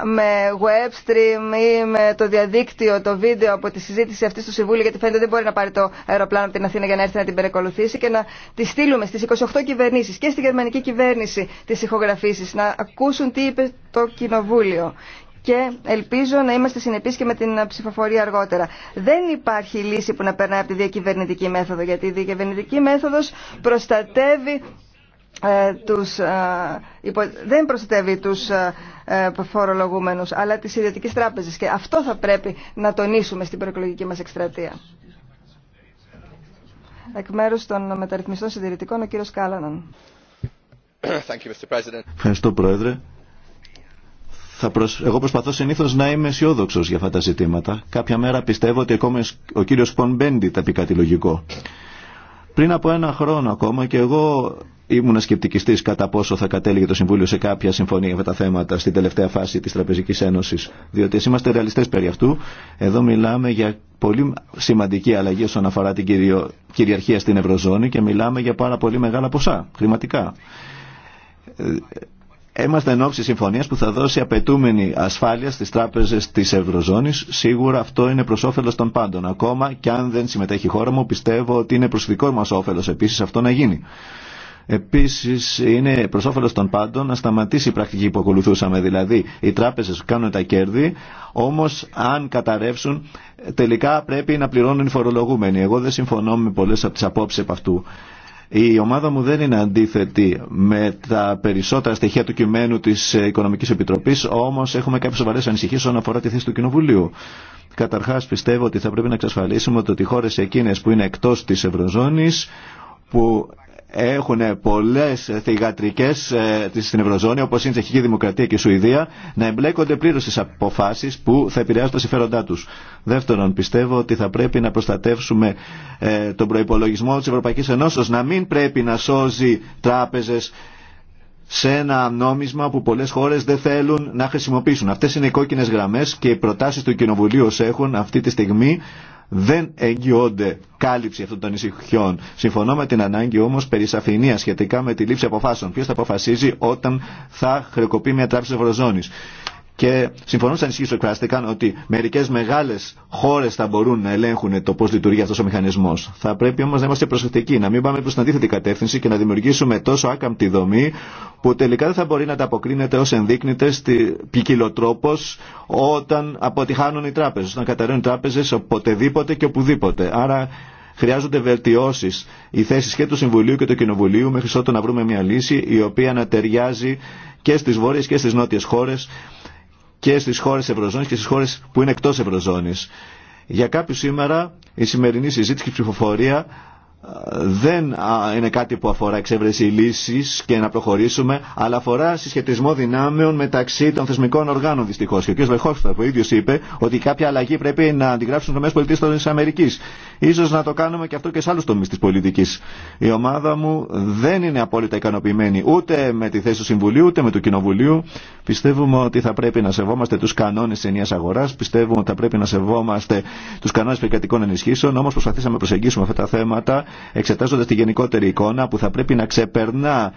με web stream ή με το διαδίκτυο, το βίντεο από τη συζήτηση αυτή στο Συμβούλιο, γιατί φαίνεται δεν μπορεί να πάρει το αεροπλάνο από την Αθήνα για να έρθει να την παρακολουθήσει και να τη στείλουμε στι 28 κυβερνήσει και στη γερμανική κυβέρνηση τι ηχογραφήσει, να ακούσουν τι είπε το Κοινοβούλιο. Και ελπίζω να είμαστε συνεπείς και με την ψηφοφορία αργότερα. Δεν υπάρχει λύση που να περνάει από τη διακυβερνητική μέθοδο, γιατί η διακυβερνητική μέθοδος προστατεύει ε, τους, ε, δεν προστατεύει τους ε, φορολογούμενους αλλά τις ιδιωτικές τράπεζες και αυτό θα πρέπει να τονίσουμε στην προεκλογική μας εκστρατεία. Εκ μέρου των μεταρρυθμιστών συντηρητικών, ο κύριο Κάλαναν. Ευχαριστώ, Πρόεδρε. Θα προσ... Εγώ προσπαθώ συνήθω να είμαι αισιόδοξο για αυτά τα ζητήματα. Κάποια μέρα πιστεύω ότι ακόμα ο κύριο Πον Μπέντι θα πει κάτι λογικό. Πριν από ένα χρόνο ακόμα και εγώ ήμουν σκεπτικιστής κατά πόσο θα κατέληγε το Συμβούλιο σε κάποια συμφωνία για τα θέματα στην τελευταία φάση της Τραπεζικής Ένωσης. Διότι εσείς είμαστε ρεαλιστές περί αυτού. Εδώ μιλάμε για πολύ σημαντική αλλαγή όσον αφορά την κυριαρχία στην Ευρωζώνη και μιλάμε για πάρα πολύ μεγάλα ποσά χρηματικά. Ε, Έμαστε εν ώψη συμφωνία που θα δώσει απαιτούμενη ασφάλεια στι τράπεζε τη Ευρωζώνη. Σίγουρα αυτό είναι προ όφελο των πάντων. Ακόμα και αν δεν συμμετέχει η χώρα μου, πιστεύω ότι είναι προ δικό μα όφελο επίση αυτό να γίνει. Επίση, είναι προ όφελο των πάντων να σταματήσει η πρακτική που ακολουθούσαμε. Δηλαδή, οι τράπεζε κάνουν τα κέρδη, όμω αν καταρρεύσουν, τελικά πρέπει να πληρώνουν οι φορολογούμενοι. Εγώ δεν συμφωνώ με πολλέ από τι απόψει από αυτού. Η ομάδα μου δεν είναι αντίθετη με τα περισσότερα στοιχεία του κειμένου της Οικονομικής Επιτροπής, όμως έχουμε κάποιε σοβαρέ ανησυχίες όσον αφορά τη θέση του Κοινοβουλίου. Καταρχάς πιστεύω ότι θα πρέπει να εξασφαλίσουμε ότι οι χώρες εκείνες που είναι εκτός της Ευρωζώνης που έχουν πολλέ θηγατρικέ ε, στην Ευρωζώνη, όπω είναι η Τσεχική Δημοκρατία και η Σουηδία, να εμπλέκονται πλήρω στι αποφάσει που θα επηρεάσουν τα συμφέροντά του. Δεύτερον, πιστεύω ότι θα πρέπει να προστατεύσουμε ε, τον προπολογισμό τη Ευρωπαϊκή Ενώση, να μην πρέπει να σώζει τράπεζε σε ένα νόμισμα που πολλές χώρες δεν θέλουν να χρησιμοποιήσουν. Αυτές είναι οι κόκκινες γραμμές και οι προτάσεις του Κοινοβουλίου έχουν αυτή τη στιγμή δεν εγγυώνται κάλυψη αυτών των ανησυχιών. Συμφωνώ με την ανάγκη όμω περί σαφηνία σχετικά με τη λήψη αποφάσεων. Ποιο θα αποφασίζει όταν θα χρεοκοπεί μια τράπεζα Ευρωζώνη. Και συμφωνώ οι ανησυχίε που ότι μερικέ μεγάλε χώρε θα μπορούν να ελέγχουν το πώ λειτουργεί αυτό ο μηχανισμό. Θα πρέπει όμω να είμαστε προσεκτικοί, να μην πάμε προ την αντίθετη κατεύθυνση και να δημιουργήσουμε τόσο άκαμπτη δομή που τελικά δεν θα μπορεί να τα αποκρίνεται ω ενδείκνυται στη όταν αποτυχάνουν οι τράπεζε, όταν καταραίουν οι τράπεζε οποτεδήποτε και οπουδήποτε. Άρα χρειάζονται βελτιώσει οι θέσει και του Συμβουλίου και του Κοινοβουλίου μέχρι ότου να βρούμε μια λύση η οποία να ταιριάζει και στι βόρειε και στι νότιε χώρε και στις χώρες Ευρωζώνης και στις χώρες που είναι εκτός Ευρωζώνης. Για κάποιους σήμερα η σημερινή συζήτηση και ψηφοφορία δεν είναι κάτι που αφορά εξέβρεση λύσης και να προχωρήσουμε, αλλά αφορά συσχετισμό δυνάμεων μεταξύ των θεσμικών οργάνων δυστυχώ. Και ο κ. Βεχόφστα που ίδιο είπε ότι κάποια αλλαγή πρέπει να αντιγράψουν οι ΗΠΑ των Αμερική. σω να το κάνουμε και αυτό και σε άλλου τομεί τη πολιτική. Η ομάδα μου δεν είναι απόλυτα ικανοποιημένη ούτε με τη θέση του Συμβουλίου ούτε με του Κοινοβουλίου. Πιστεύουμε ότι θα πρέπει να σεβόμαστε του κανόνε τη αγορά, πιστεύουμε ότι θα πρέπει να σεβόμαστε του κανόνε περικατικών ενισχύσεων, όμω προσπαθήσαμε προσεγγίσουμε αυτά τα θέματα εξετάζοντας τη γενικότερη εικόνα που θα πρέπει να ξεπερνά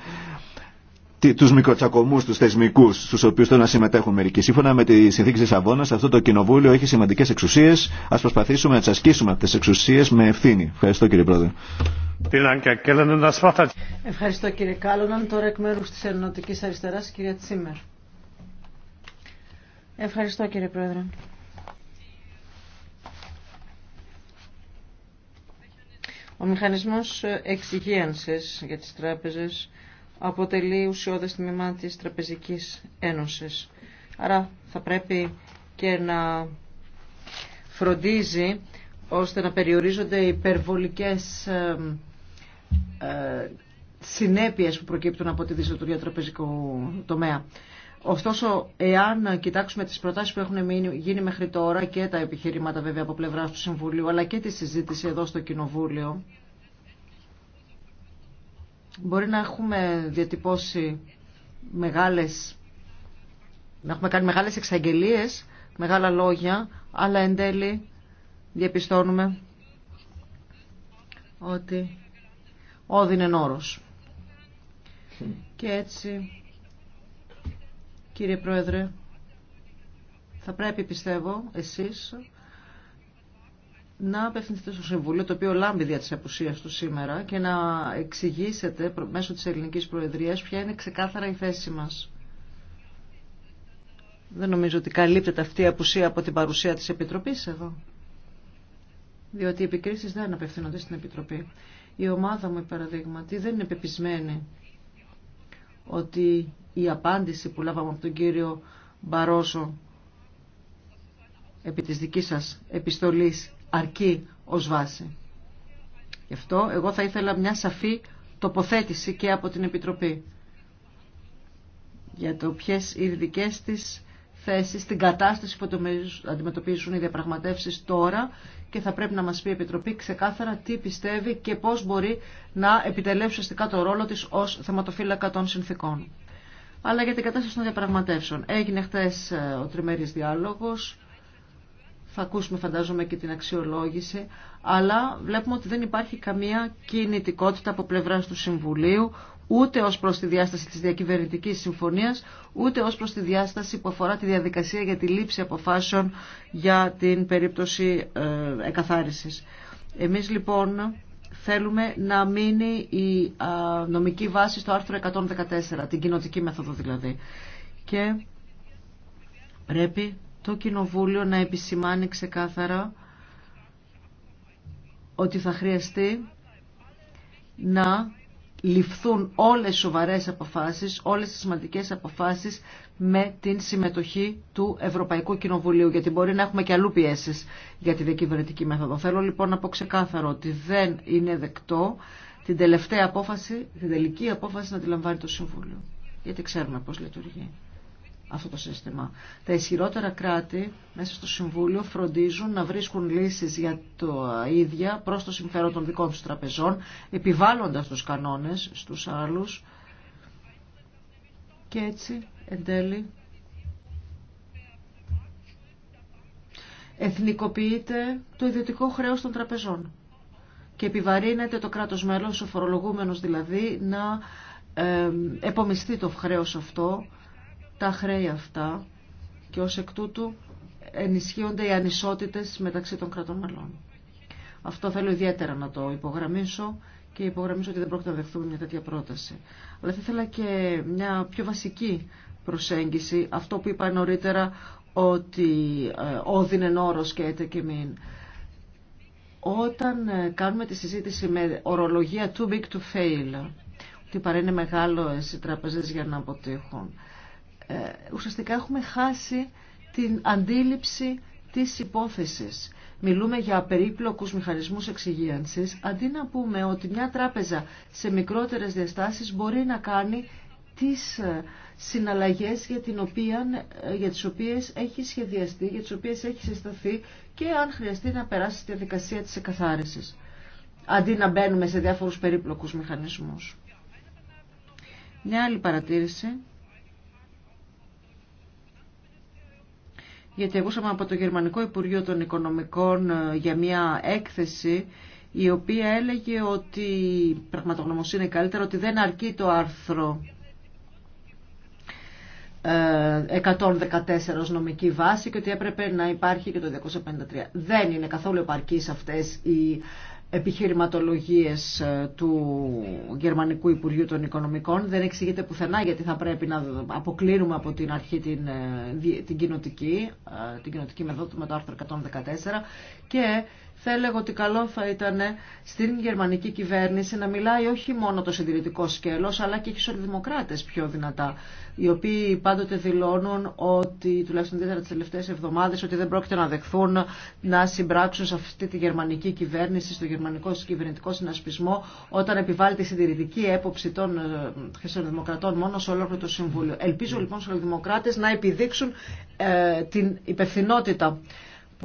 τους μικροτσακωμούς, τους θεσμικούς, στους οποίους θέλουν να συμμετέχουν μερικοί. Σύμφωνα με τη συνθήκη της Αβώνας, αυτό το κοινοβούλιο έχει σημαντικές εξουσίες. Ας προσπαθήσουμε να τις ασκήσουμε αυτές τις εξουσίες με ευθύνη. Ευχαριστώ κύριε Πρόεδρε. Ευχαριστώ κύριε Κάλλοναν. Τώρα εκ μέρους της Ελληνοτικής Αριστεράς, κυρία Τσίμερ. Ευχαριστώ κύριε Πρόεδρε. Ο μηχανισμός εξυγίανσης για τις τράπεζες αποτελεί ουσιώδες τμήμα της Τραπεζικής Ένωσης. Άρα θα πρέπει και να φροντίζει ώστε να περιορίζονται οι υπερβολικές ε, συνέπειες που προκύπτουν από τη δυσλειτουργία τραπεζικού τομέα. Ωστόσο, εάν κοιτάξουμε τι προτάσεις που έχουν γίνει μέχρι τώρα και τα επιχειρήματα βέβαια από πλευρά του Συμβουλίου, αλλά και τη συζήτηση εδώ στο Κοινοβούλιο, μπορεί να έχουμε διατυπώσει μεγάλες, να έχουμε κάνει μεγάλες εξαγγελίες, μεγάλα λόγια, αλλά εν τέλει διαπιστώνουμε ότι όδινε είναι Και έτσι Κύριε Πρόεδρε, θα πρέπει πιστεύω εσείς να απευθυνθείτε στο Συμβούλιο, το οποίο λάμπει δια της απουσίας του σήμερα και να εξηγήσετε μέσω της ελληνικής προεδρίας ποια είναι ξεκάθαρα η θέση μας. Δεν νομίζω ότι καλύπτεται αυτή η απουσία από την παρουσία της Επιτροπής εδώ. Διότι οι επικρίσεις δεν απευθύνονται στην Επιτροπή. Η ομάδα μου, παραδείγματι, δεν είναι πεπισμένη ότι η απάντηση που λάβαμε από τον κύριο Μπαρόσο επί της δικής σας επιστολής αρκεί ως βάση. Γι' αυτό εγώ θα ήθελα μια σαφή τοποθέτηση και από την Επιτροπή για το ποιες είναι της θέση στην κατάσταση που αντιμετωπίζουν οι διαπραγματεύσει τώρα και θα πρέπει να μας πει η Επιτροπή ξεκάθαρα τι πιστεύει και πώς μπορεί να επιτελέψει ουσιαστικά το ρόλο της ως θεματοφύλακα των συνθήκων. Αλλά για την κατάσταση των διαπραγματεύσεων. Έγινε χθε ε, ο τριμερής διάλογος, θα ακούσουμε φαντάζομαι και την αξιολόγηση, αλλά βλέπουμε ότι δεν υπάρχει καμία κινητικότητα από πλευρά του Συμβουλίου, ούτε ως προς τη διάσταση της διακυβερνητικής συμφωνίας, ούτε ως προς τη διάσταση που αφορά τη διαδικασία για τη λήψη αποφάσεων για την περίπτωση ε, εκαθάρισης. Εμείς λοιπόν θέλουμε να μείνει η νομική βάση στο άρθρο 114, την κοινοτική μέθοδο δηλαδή. Και πρέπει το Κοινοβούλιο να επισημάνει ξεκάθαρα ότι θα χρειαστεί να ληφθούν όλες οι σοβαρές αποφάσεις, όλες τις σημαντικές αποφάσεις με την συμμετοχή του Ευρωπαϊκού Κοινοβουλίου, γιατί μπορεί να έχουμε και αλλού πιέσεις για τη διακυβερνητική μέθοδο. Θέλω λοιπόν να πω ξεκάθαρο ότι δεν είναι δεκτό την τελευταία απόφαση, την τελική απόφαση να τη λαμβάνει το Συμβούλιο, γιατί ξέρουμε πώς λειτουργεί αυτό το σύστημα. Τα ισχυρότερα κράτη μέσα στο Συμβούλιο φροντίζουν να βρίσκουν λύσεις για το ίδια προς το συμφέρον των δικών τους τραπεζών, επιβάλλοντας τους κανόνες στους άλλους και έτσι εν τέλει εθνικοποιείται το ιδιωτικό χρέος των τραπεζών και επιβαρύνεται το κράτος μέλος, ο φορολογούμενος δηλαδή, να ε, επομιστεί το χρέος αυτό τα χρέη αυτά και ως εκ τούτου ενισχύονται οι ανισότητες μεταξύ των κρατών μελών. Αυτό θέλω ιδιαίτερα να το υπογραμμίσω και υπογραμμίσω ότι δεν πρόκειται να δεχθούμε μια τέτοια πρόταση. Αλλά θα ήθελα και μια πιο βασική προσέγγιση, αυτό που είπα νωρίτερα ότι ε, όδιν εν όρος και έτε και μην. Όταν ε, κάνουμε τη συζήτηση με ορολογία too big to fail, ότι παρένει μεγάλο ε, οι τραπεζές για να αποτύχουν, ε, ουσιαστικά έχουμε χάσει την αντίληψη της υπόθεσης. Μιλούμε για περίπλοκους μηχανισμούς εξυγίανσης, αντί να πούμε ότι μια τράπεζα σε μικρότερες διαστάσεις μπορεί να κάνει τις ε, συναλλαγές για, την οποία, ε, για τις οποίες έχει σχεδιαστεί, για τις οποίες έχει συσταθεί και αν χρειαστεί να περάσει στη διαδικασία της εκαθάρισης. Αντί να μπαίνουμε σε διάφορους περίπλοκους μηχανισμούς. Μια άλλη παρατήρηση γιατί ακούσαμε από το Γερμανικό Υπουργείο των Οικονομικών ε, για μια έκθεση η οποία έλεγε ότι πραγματογνωμοσύνη είναι καλύτερα, ότι δεν αρκεί το άρθρο 114 ε, νομική βάση και ότι έπρεπε να υπάρχει και το 253. Δεν είναι καθόλου επαρκής αυτές οι επιχειρηματολογίες ε, του Γερμανικού Υπουργείου των Οικονομικών. Δεν εξηγείται πουθενά γιατί θα πρέπει να αποκλίνουμε από την αρχή την, ε, την, κοινοτική, ε, την κοινοτική μεθόδου με το άρθρο 114 και θα έλεγα ότι καλό θα ήταν στην γερμανική κυβέρνηση να μιλάει όχι μόνο το συντηρητικό σκέλος, αλλά και οι σοδημοκράτες πιο δυνατά, οι οποίοι πάντοτε δηλώνουν ότι, τουλάχιστον ιδιαίτερα τις τελευταίες εβδομάδες, ότι δεν πρόκειται να δεχθούν να συμπράξουν σε αυτή τη γερμανική κυβέρνηση, στο γερμανικό κυβερνητικό συνασπισμό, όταν επιβάλλει τη συντηρητική έποψη των ε, χριστιανοδημοκρατών μόνο σε ολόκληρο το Συμβούλιο. Ελπίζω λοιπόν στους σοδημοκράτες να επιδείξουν ε, την υπευθυνότητα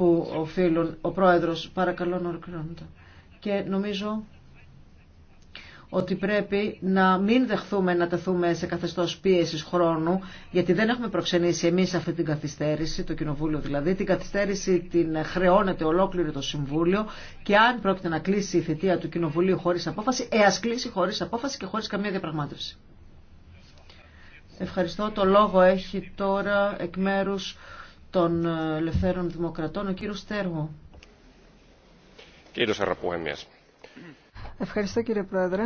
που οφείλουν. Ο Πρόεδρος, παρακαλώ να ολοκληρώνεται. Και νομίζω ότι πρέπει να μην δεχθούμε να τεθούμε σε καθεστώ πίεση χρόνου, γιατί δεν έχουμε προξενήσει εμείς αυτή την καθυστέρηση, το Κοινοβούλιο δηλαδή. Την καθυστέρηση την χρεώνεται ολόκληρο το Συμβούλιο και αν πρόκειται να κλείσει η θητεία του Κοινοβουλίου χωρίς απόφαση, ε, κλείσει χωρί απόφαση και χωρίς καμία διαπραγμάτευση. Ευχαριστώ. Το λόγο έχει τώρα εκ των ε, Ελευθέρων Δημοκρατών, ο κύριος Στέργο. Ευχαριστώ κύριε Πρόεδρε.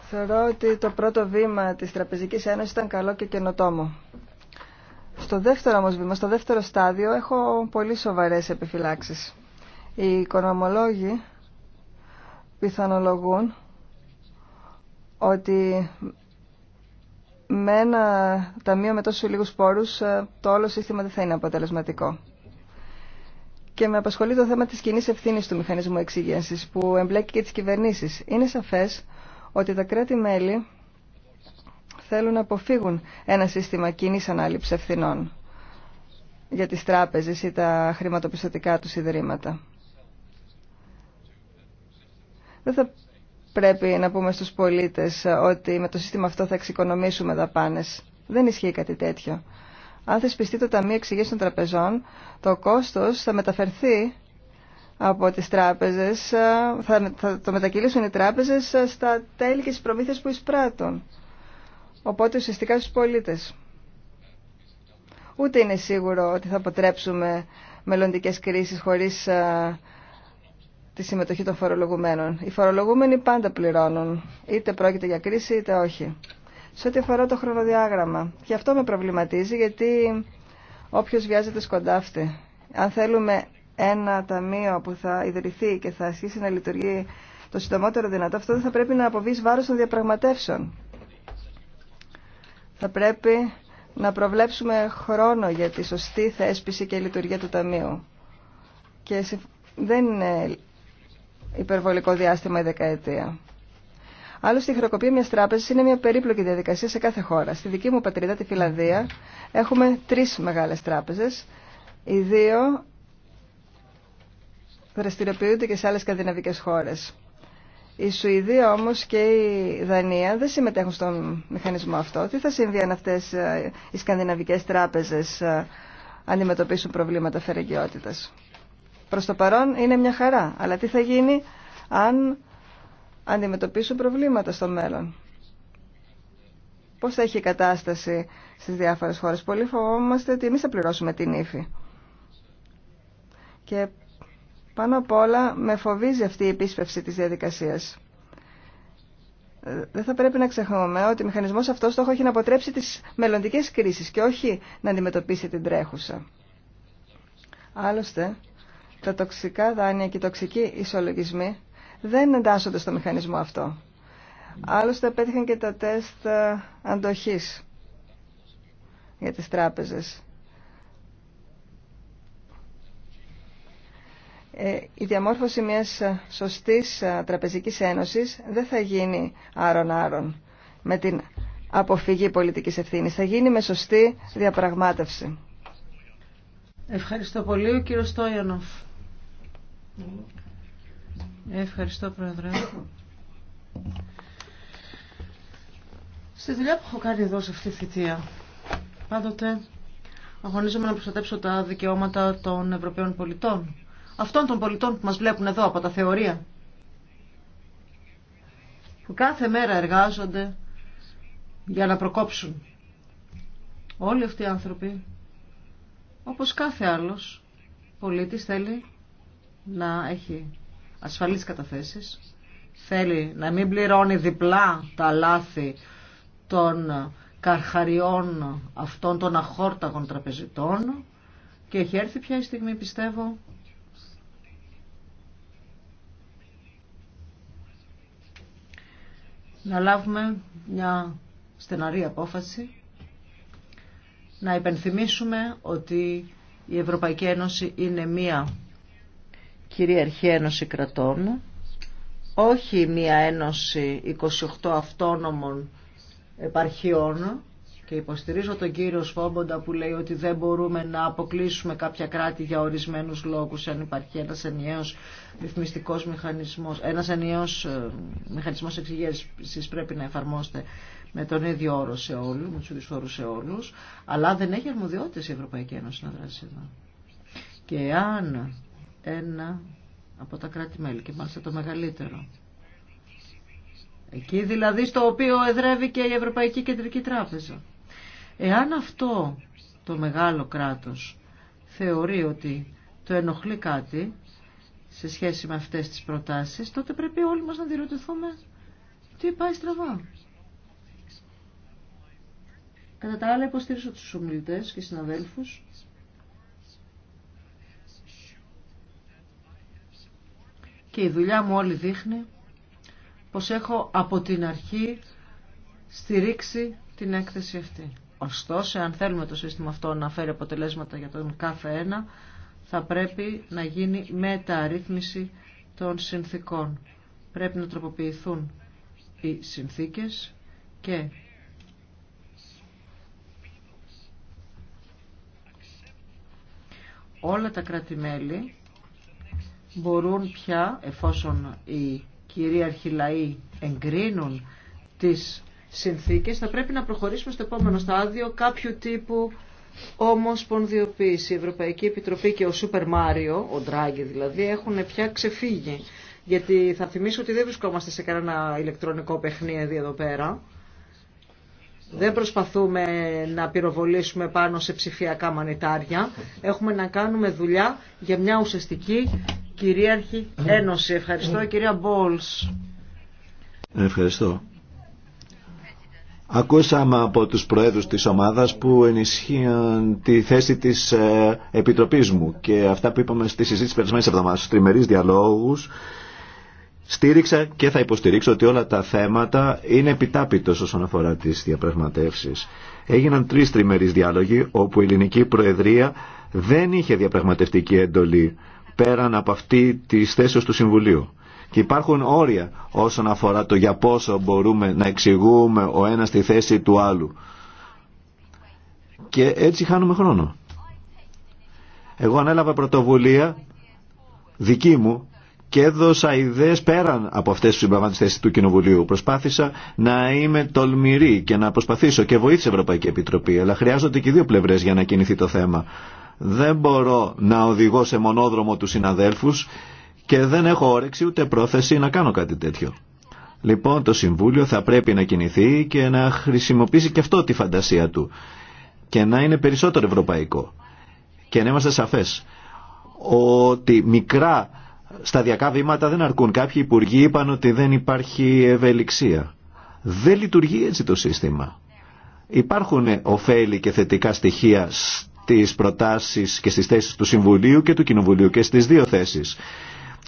Θεωρώ ότι το πρώτο βήμα της Τραπεζικής Ένωσης ήταν καλό και καινοτόμο. Στο δεύτερο όμως βήμα, στο δεύτερο στάδιο, έχω πολύ σοβαρές επιφυλάξεις. Οι οικονομολόγοι πιθανολογούν ότι με ένα ταμείο με τόσους λίγους πόρους ε, το όλο σύστημα δεν θα είναι αποτελεσματικό. Και με απασχολεί το θέμα της κοινή ευθύνης του μηχανισμού εξυγένσης που εμπλέκει και τις κυβερνήσεις. Είναι σαφές ότι τα κράτη-μέλη θέλουν να αποφύγουν ένα σύστημα κοινή ανάληψης ευθυνών για τις τράπεζες ή τα χρηματοπιστωτικά του ιδρύματα πρέπει να πούμε στους πολίτες ε, ότι με το σύστημα αυτό θα εξοικονομήσουμε δαπάνες. Δεν ισχύει κάτι τέτοιο. Αν θεσπιστεί το Ταμείο των Τραπεζών, το κόστος θα μεταφερθεί από τις τράπεζες, ε, θα, το μετακυλήσουν οι τράπεζες ε, στα τέλη και στις προμήθειες που εισπράττουν. Οπότε ουσιαστικά στους πολίτες. Ούτε είναι σίγουρο ότι θα αποτρέψουμε μελλοντικές κρίσεις χωρίς τη συμμετοχή των φορολογουμένων. Οι φορολογούμενοι πάντα πληρώνουν, είτε πρόκειται για κρίση είτε όχι. Σε ό,τι αφορά το χρονοδιάγραμμα. Και αυτό με προβληματίζει γιατί όποιο βιάζεται σκοντάφτει. Αν θέλουμε ένα ταμείο που θα ιδρυθεί και θα ασχίσει να λειτουργεί το συντομότερο δυνατό, αυτό δεν θα πρέπει να αποβεί βάρος των διαπραγματεύσεων. Θα πρέπει να προβλέψουμε χρόνο για τη σωστή θέσπιση και λειτουργία του Ταμείου. Και δεν είναι υπερβολικό διάστημα ή δεκαετία. Άλλωστε, η χρεοκοπία μια τράπεζα είναι μια περίπλοκη διαδικασία σε κάθε χώρα. Στη δική μου πατρίδα, τη Φιλανδία, έχουμε τρει μεγάλε τράπεζε. Οι δύο δραστηριοποιούνται και σε άλλε σκανδιναβικέ χώρε. Η Σουηδία όμω και η Δανία δεν συμμετέχουν στον μηχανισμό αυτό. Τι θα συμβεί αν αυτέ ε, οι σκανδιναβικέ τράπεζε ε, αντιμετωπίσουν προβλήματα φερεγγιότητας προς το παρόν είναι μια χαρά. Αλλά τι θα γίνει αν αντιμετωπίσουν προβλήματα στο μέλλον. Πώς θα έχει η κατάσταση στις διάφορες χώρες. Πολύ φοβόμαστε ότι εμείς θα πληρώσουμε την ύφη. Και πάνω απ' όλα με φοβίζει αυτή η επίσπευση της διαδικασίας. Ε, δεν θα πρέπει να ξεχνούμε ότι ο μηχανισμός αυτός στόχο έχει να αποτρέψει τις μελλοντικές κρίσεις και όχι να αντιμετωπίσει την τρέχουσα. Άλλωστε, τα τοξικά δάνεια και οι τοξικοί ισολογισμοί δεν εντάσσονται στο μηχανισμό αυτό. Άλλωστε απέτυχαν και τα τεστ ε, αντοχής για τις τράπεζες. Ε, η διαμόρφωση μιας ε, σωστής τραπεζικής ένωσης δεν θα γίνει άρον-άρον με την αποφυγή πολιτικής ευθύνης. Θα γίνει με σωστή διαπραγμάτευση. Ευχαριστώ πολύ, κύριο Στόιανοφ. Ευχαριστώ, Πρόεδρε. Στη δουλειά που έχω κάνει εδώ σε αυτή τη θητεία, πάντοτε αγωνίζομαι να προστατέψω τα δικαιώματα των Ευρωπαίων πολιτών. Αυτών των πολιτών που μας βλέπουν εδώ από τα θεωρία. Που κάθε μέρα εργάζονται για να προκόψουν. Όλοι αυτοί οι άνθρωποι, όπως κάθε άλλος πολίτης, θέλει να έχει ασφαλείς καταθέσεις, θέλει να μην πληρώνει διπλά τα λάθη των καρχαριών αυτών των αχόρταγων τραπεζιτών και έχει έρθει πια η στιγμή πιστεύω να λάβουμε μια στεναρή απόφαση να υπενθυμίσουμε ότι η Ευρωπαϊκή Ένωση είναι μία κυρίαρχη ένωση κρατών, όχι μια ένωση 28 αυτόνομων επαρχιών και υποστηρίζω τον κύριο Σφόμποντα που λέει ότι δεν μπορούμε να αποκλείσουμε κάποια κράτη για ορισμένους λόγους αν υπάρχει ένας ενιαίος ρυθμιστικός μηχανισμός, ένας ενιαίος ε, μηχανισμός που πρέπει να εφαρμόστε με τον ίδιο όρο σε όλους, με τους ίδιους όρους σε όλους, αλλά δεν έχει αρμοδιότητες η Ευρωπαϊκή Ένωση να δράσει εδώ. Και αν ένα από τα κράτη-μέλη και μάλιστα το μεγαλύτερο. Εκεί δηλαδή στο οποίο εδρεύει και η Ευρωπαϊκή Κεντρική Τράπεζα. Εάν αυτό το μεγάλο κράτος θεωρεί ότι το ενοχλεί κάτι σε σχέση με αυτές τις προτάσεις, τότε πρέπει όλοι μας να διερωτηθούμε τι πάει στραβά. Κατά τα άλλα υποστήριζω τους ομιλητές και συναδέλφους και η δουλειά μου όλη δείχνει πως έχω από την αρχή στηρίξει την έκθεση αυτή. Ωστόσο, αν θέλουμε το σύστημα αυτό να φέρει αποτελέσματα για τον κάθε ένα, θα πρέπει να γίνει μεταρρύθμιση των συνθήκων. Πρέπει να τροποποιηθούν οι συνθήκες και όλα τα κρατη μπορούν πια, εφόσον οι κυρίαρχοι λαοί εγκρίνουν τις συνθήκες, θα πρέπει να προχωρήσουμε στο επόμενο στάδιο κάποιου τύπου πονδιοποίηση. Η Ευρωπαϊκή Επιτροπή και ο Σούπερ Μάριο, ο Ντράγκη δηλαδή, έχουν πια ξεφύγει. Γιατί θα θυμίσω ότι δεν βρισκόμαστε σε κανένα ηλεκτρονικό παιχνίδι εδώ πέρα. Δεν προσπαθούμε να πυροβολήσουμε πάνω σε ψηφιακά μανιτάρια. Έχουμε να κάνουμε δουλειά για μια ουσιαστική κυρίαρχη ένωση. Ευχαριστώ κυρία Μπόλς. Ευχαριστώ. Ακούσαμε από τους προέδρους της ομάδας που ενισχύαν τη θέση της ε, Επιτροπής μου και αυτά που είπαμε στη συζήτηση περισμένης εβδομάδας, στους τριμερείς διαλόγους, στήριξα και θα υποστηρίξω ότι όλα τα θέματα είναι επιτάπητος όσον αφορά τις διαπραγματεύσεις. Έγιναν τρεις τριμερείς διάλογοι όπου η ελληνική προεδρία δεν είχε διαπραγματευτική εντολή πέραν από αυτή τη θέση του Συμβουλίου. Και υπάρχουν όρια όσον αφορά το για πόσο μπορούμε να εξηγούμε ο ένας τη θέση του άλλου. Και έτσι χάνουμε χρόνο. Εγώ ανέλαβα πρωτοβουλία δική μου και έδωσα ιδέε πέραν από αυτέ τι θέση του Κοινοβουλίου. Προσπάθησα να είμαι τολμηρή και να προσπαθήσω και βοήθησε η Ευρωπαϊκή Επιτροπή. Αλλά χρειάζονται και δύο πλευρέ για να κινηθεί το θέμα. Δεν μπορώ να οδηγώ σε μονόδρομο του συναδέλφους και δεν έχω όρεξη ούτε πρόθεση να κάνω κάτι τέτοιο. Λοιπόν, το Συμβούλιο θα πρέπει να κινηθεί και να χρησιμοποιήσει και αυτό τη φαντασία του και να είναι περισσότερο ευρωπαϊκό. Και να είμαστε σαφές ότι μικρά σταδιακά βήματα δεν αρκούν. Κάποιοι υπουργοί είπαν ότι δεν υπάρχει ευελιξία. Δεν λειτουργεί έτσι το σύστημα. Υπάρχουν ωφέλη και θετικά στοιχεία στις προτάσεις και στι θέσεις του Συμβουλίου και του Κοινοβουλίου και στις δύο θέσεις.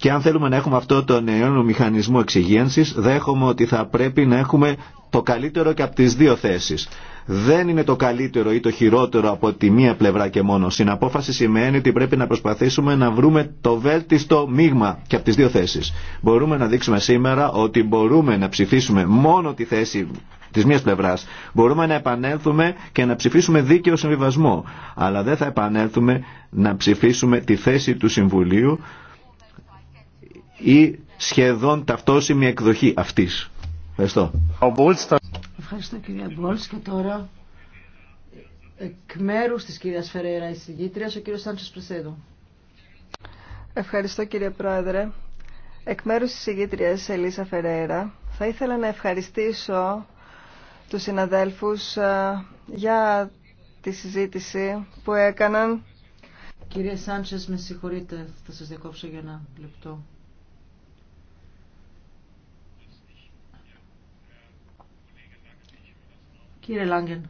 Και αν θέλουμε να έχουμε αυτό τον νέο μηχανισμό εξυγίανσης, δέχομαι ότι θα πρέπει να έχουμε το καλύτερο και από τι δύο θέσεις. Δεν είναι το καλύτερο ή το χειρότερο από τη μία πλευρά και μόνο. Συναπόφαση σημαίνει ότι πρέπει να προσπαθήσουμε να βρούμε το βέλτιστο μείγμα και από τι δύο θέσεις. Μπορούμε να δείξουμε σήμερα ότι μπορούμε να ψηφίσουμε μόνο τη θέση τη μία πλευρά. Μπορούμε να επανέλθουμε και να ψηφίσουμε δίκαιο συμβιβασμό. Αλλά δεν θα επανέλθουμε να ψηφίσουμε τη θέση του Συμβουλίου ή σχεδόν ταυτόσιμη εκδοχή αυτής. Ευχαριστώ. Ευχαριστώ κυρία Μπόλς και τώρα εκ μέρου της κυρίας Φεραίρα η συγγήτριας ο κύριος Σάντσος Πρεσέδου. Ευχαριστώ κύριε Πρόεδρε. Εκ μέρου τη κυριας φεραιρα η συγγητρια ο κύριο Σάντσο πρεσεδου ευχαριστω κυριε προεδρε εκ μερου της συγγητριας Ελίσσα φεραιρα θα ήθελα να ευχαριστήσω τους συναδέλφου ε, για τη συζήτηση που έκαναν. Κύριε Σάντσες, με συγχωρείτε, θα σας διακόψω για ένα λεπτό. Κύριε Λάγκεν,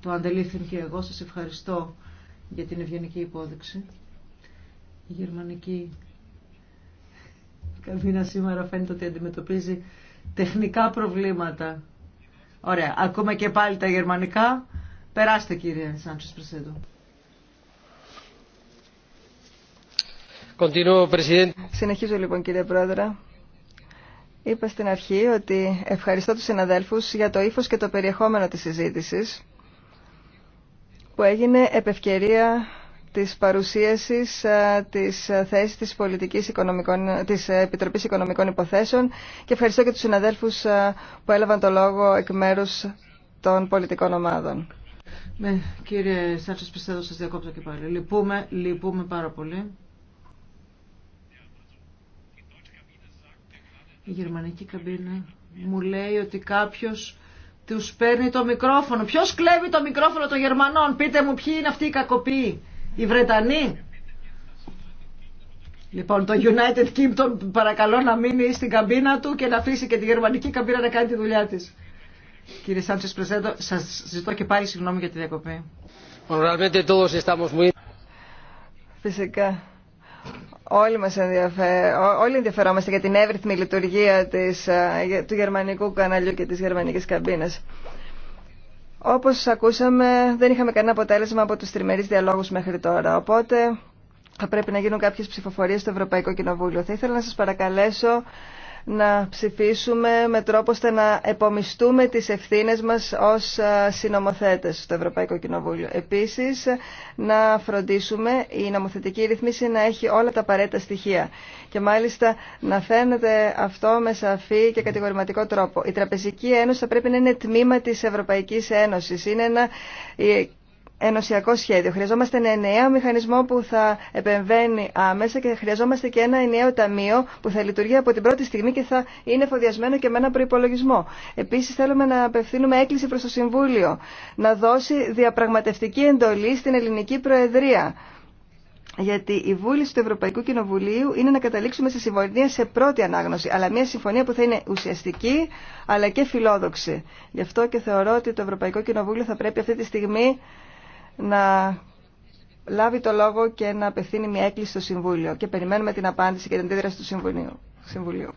το αντελήφθην και εγώ σας ευχαριστώ για την ευγενική υπόδειξη. Η γερμανική καμπίνα σήμερα φαίνεται ότι αντιμετωπίζει τεχνικά προβλήματα Ωραία. Ακούμε και πάλι τα γερμανικά. Περάστε κύριε Σάντσος, Πρεσέντο. Συνεχίζω λοιπόν κύριε Πρόεδρε. Είπα στην αρχή ότι ευχαριστώ τους συναδέλφους για το ύφος και το περιεχόμενο της συζήτησης που έγινε επευκαιρία της παρουσίασης ε, της θέσης της, πολιτικής οικονομικών, της Επιτροπής Οικονομικών Υποθέσεων και ευχαριστώ και τους συναδέλφους ε, που έλαβαν το λόγο εκ μέρους των πολιτικών ομάδων. Ναι, κύριε Σάρτσος πιστεύω σας διακόπτω και πάλι. Λυπούμε, λυπούμε πάρα πολύ. Η γερμανική καμπίνα μου λέει ότι κάποιος τους παίρνει το μικρόφωνο. Ποιος κλέβει το μικρόφωνο των Γερμανών, πείτε μου ποιοι είναι αυτοί οι κακοποιοί. Οι Βρετανοί. Λοιπόν, το United Kingdom παρακαλώ να μείνει στην καμπίνα του και να αφήσει και τη γερμανική καμπίνα να κάνει τη δουλειά τη. Κύριε Σάντσε Πρεσέντο, σα ζητώ και πάλι συγγνώμη για τη διακοπή. Φυσικά. Όλοι μας ενδιαφερόμαστε για την εύρυθμη λειτουργία της, ε, του γερμανικού καναλιού και της γερμανικής καμπίνας. Όπως ακούσαμε, δεν είχαμε κανένα αποτέλεσμα από τους τριμερείς διαλόγους μέχρι τώρα. Οπότε θα πρέπει να γίνουν κάποιες ψηφοφορίες στο Ευρωπαϊκό Κοινοβούλιο. Θα ήθελα να σας παρακαλέσω να ψηφίσουμε με τρόπο ώστε να επομιστούμε τις ευθύνες μας ως συνομοθέτες στο Ευρωπαϊκό Κοινοβούλιο. Επίσης, να φροντίσουμε η νομοθετική ρυθμίση να έχει όλα τα απαραίτητα στοιχεία και μάλιστα να φαίνεται αυτό με σαφή και κατηγορηματικό τρόπο. Η Τραπεζική Ένωση θα πρέπει να είναι τμήμα της Ευρωπαϊκής Ένωσης. Είναι ένα ενωσιακό σχέδιο. Χρειαζόμαστε ένα ενιαίο μηχανισμό που θα επεμβαίνει άμεσα και χρειαζόμαστε και ένα ενιαίο ταμείο που θα λειτουργεί από την πρώτη στιγμή και θα είναι εφοδιασμένο και με ένα προπολογισμό. Επίση, θέλουμε να απευθύνουμε έκκληση προ το Συμβούλιο να δώσει διαπραγματευτική εντολή στην Ελληνική Προεδρία. Γιατί η βούληση του Ευρωπαϊκού Κοινοβουλίου είναι να καταλήξουμε σε συμφωνία σε πρώτη ανάγνωση, αλλά μια συμφωνία που θα είναι ουσιαστική αλλά και φιλόδοξη. Γι' αυτό και θεωρώ ότι το Ευρωπαϊκό Κοινοβούλιο θα πρέπει αυτή τη στιγμή να λάβει το λόγο και να απευθύνει μια έκκληση στο Συμβούλιο. Και περιμένουμε την απάντηση και την αντίδραση του Συμβουλίου.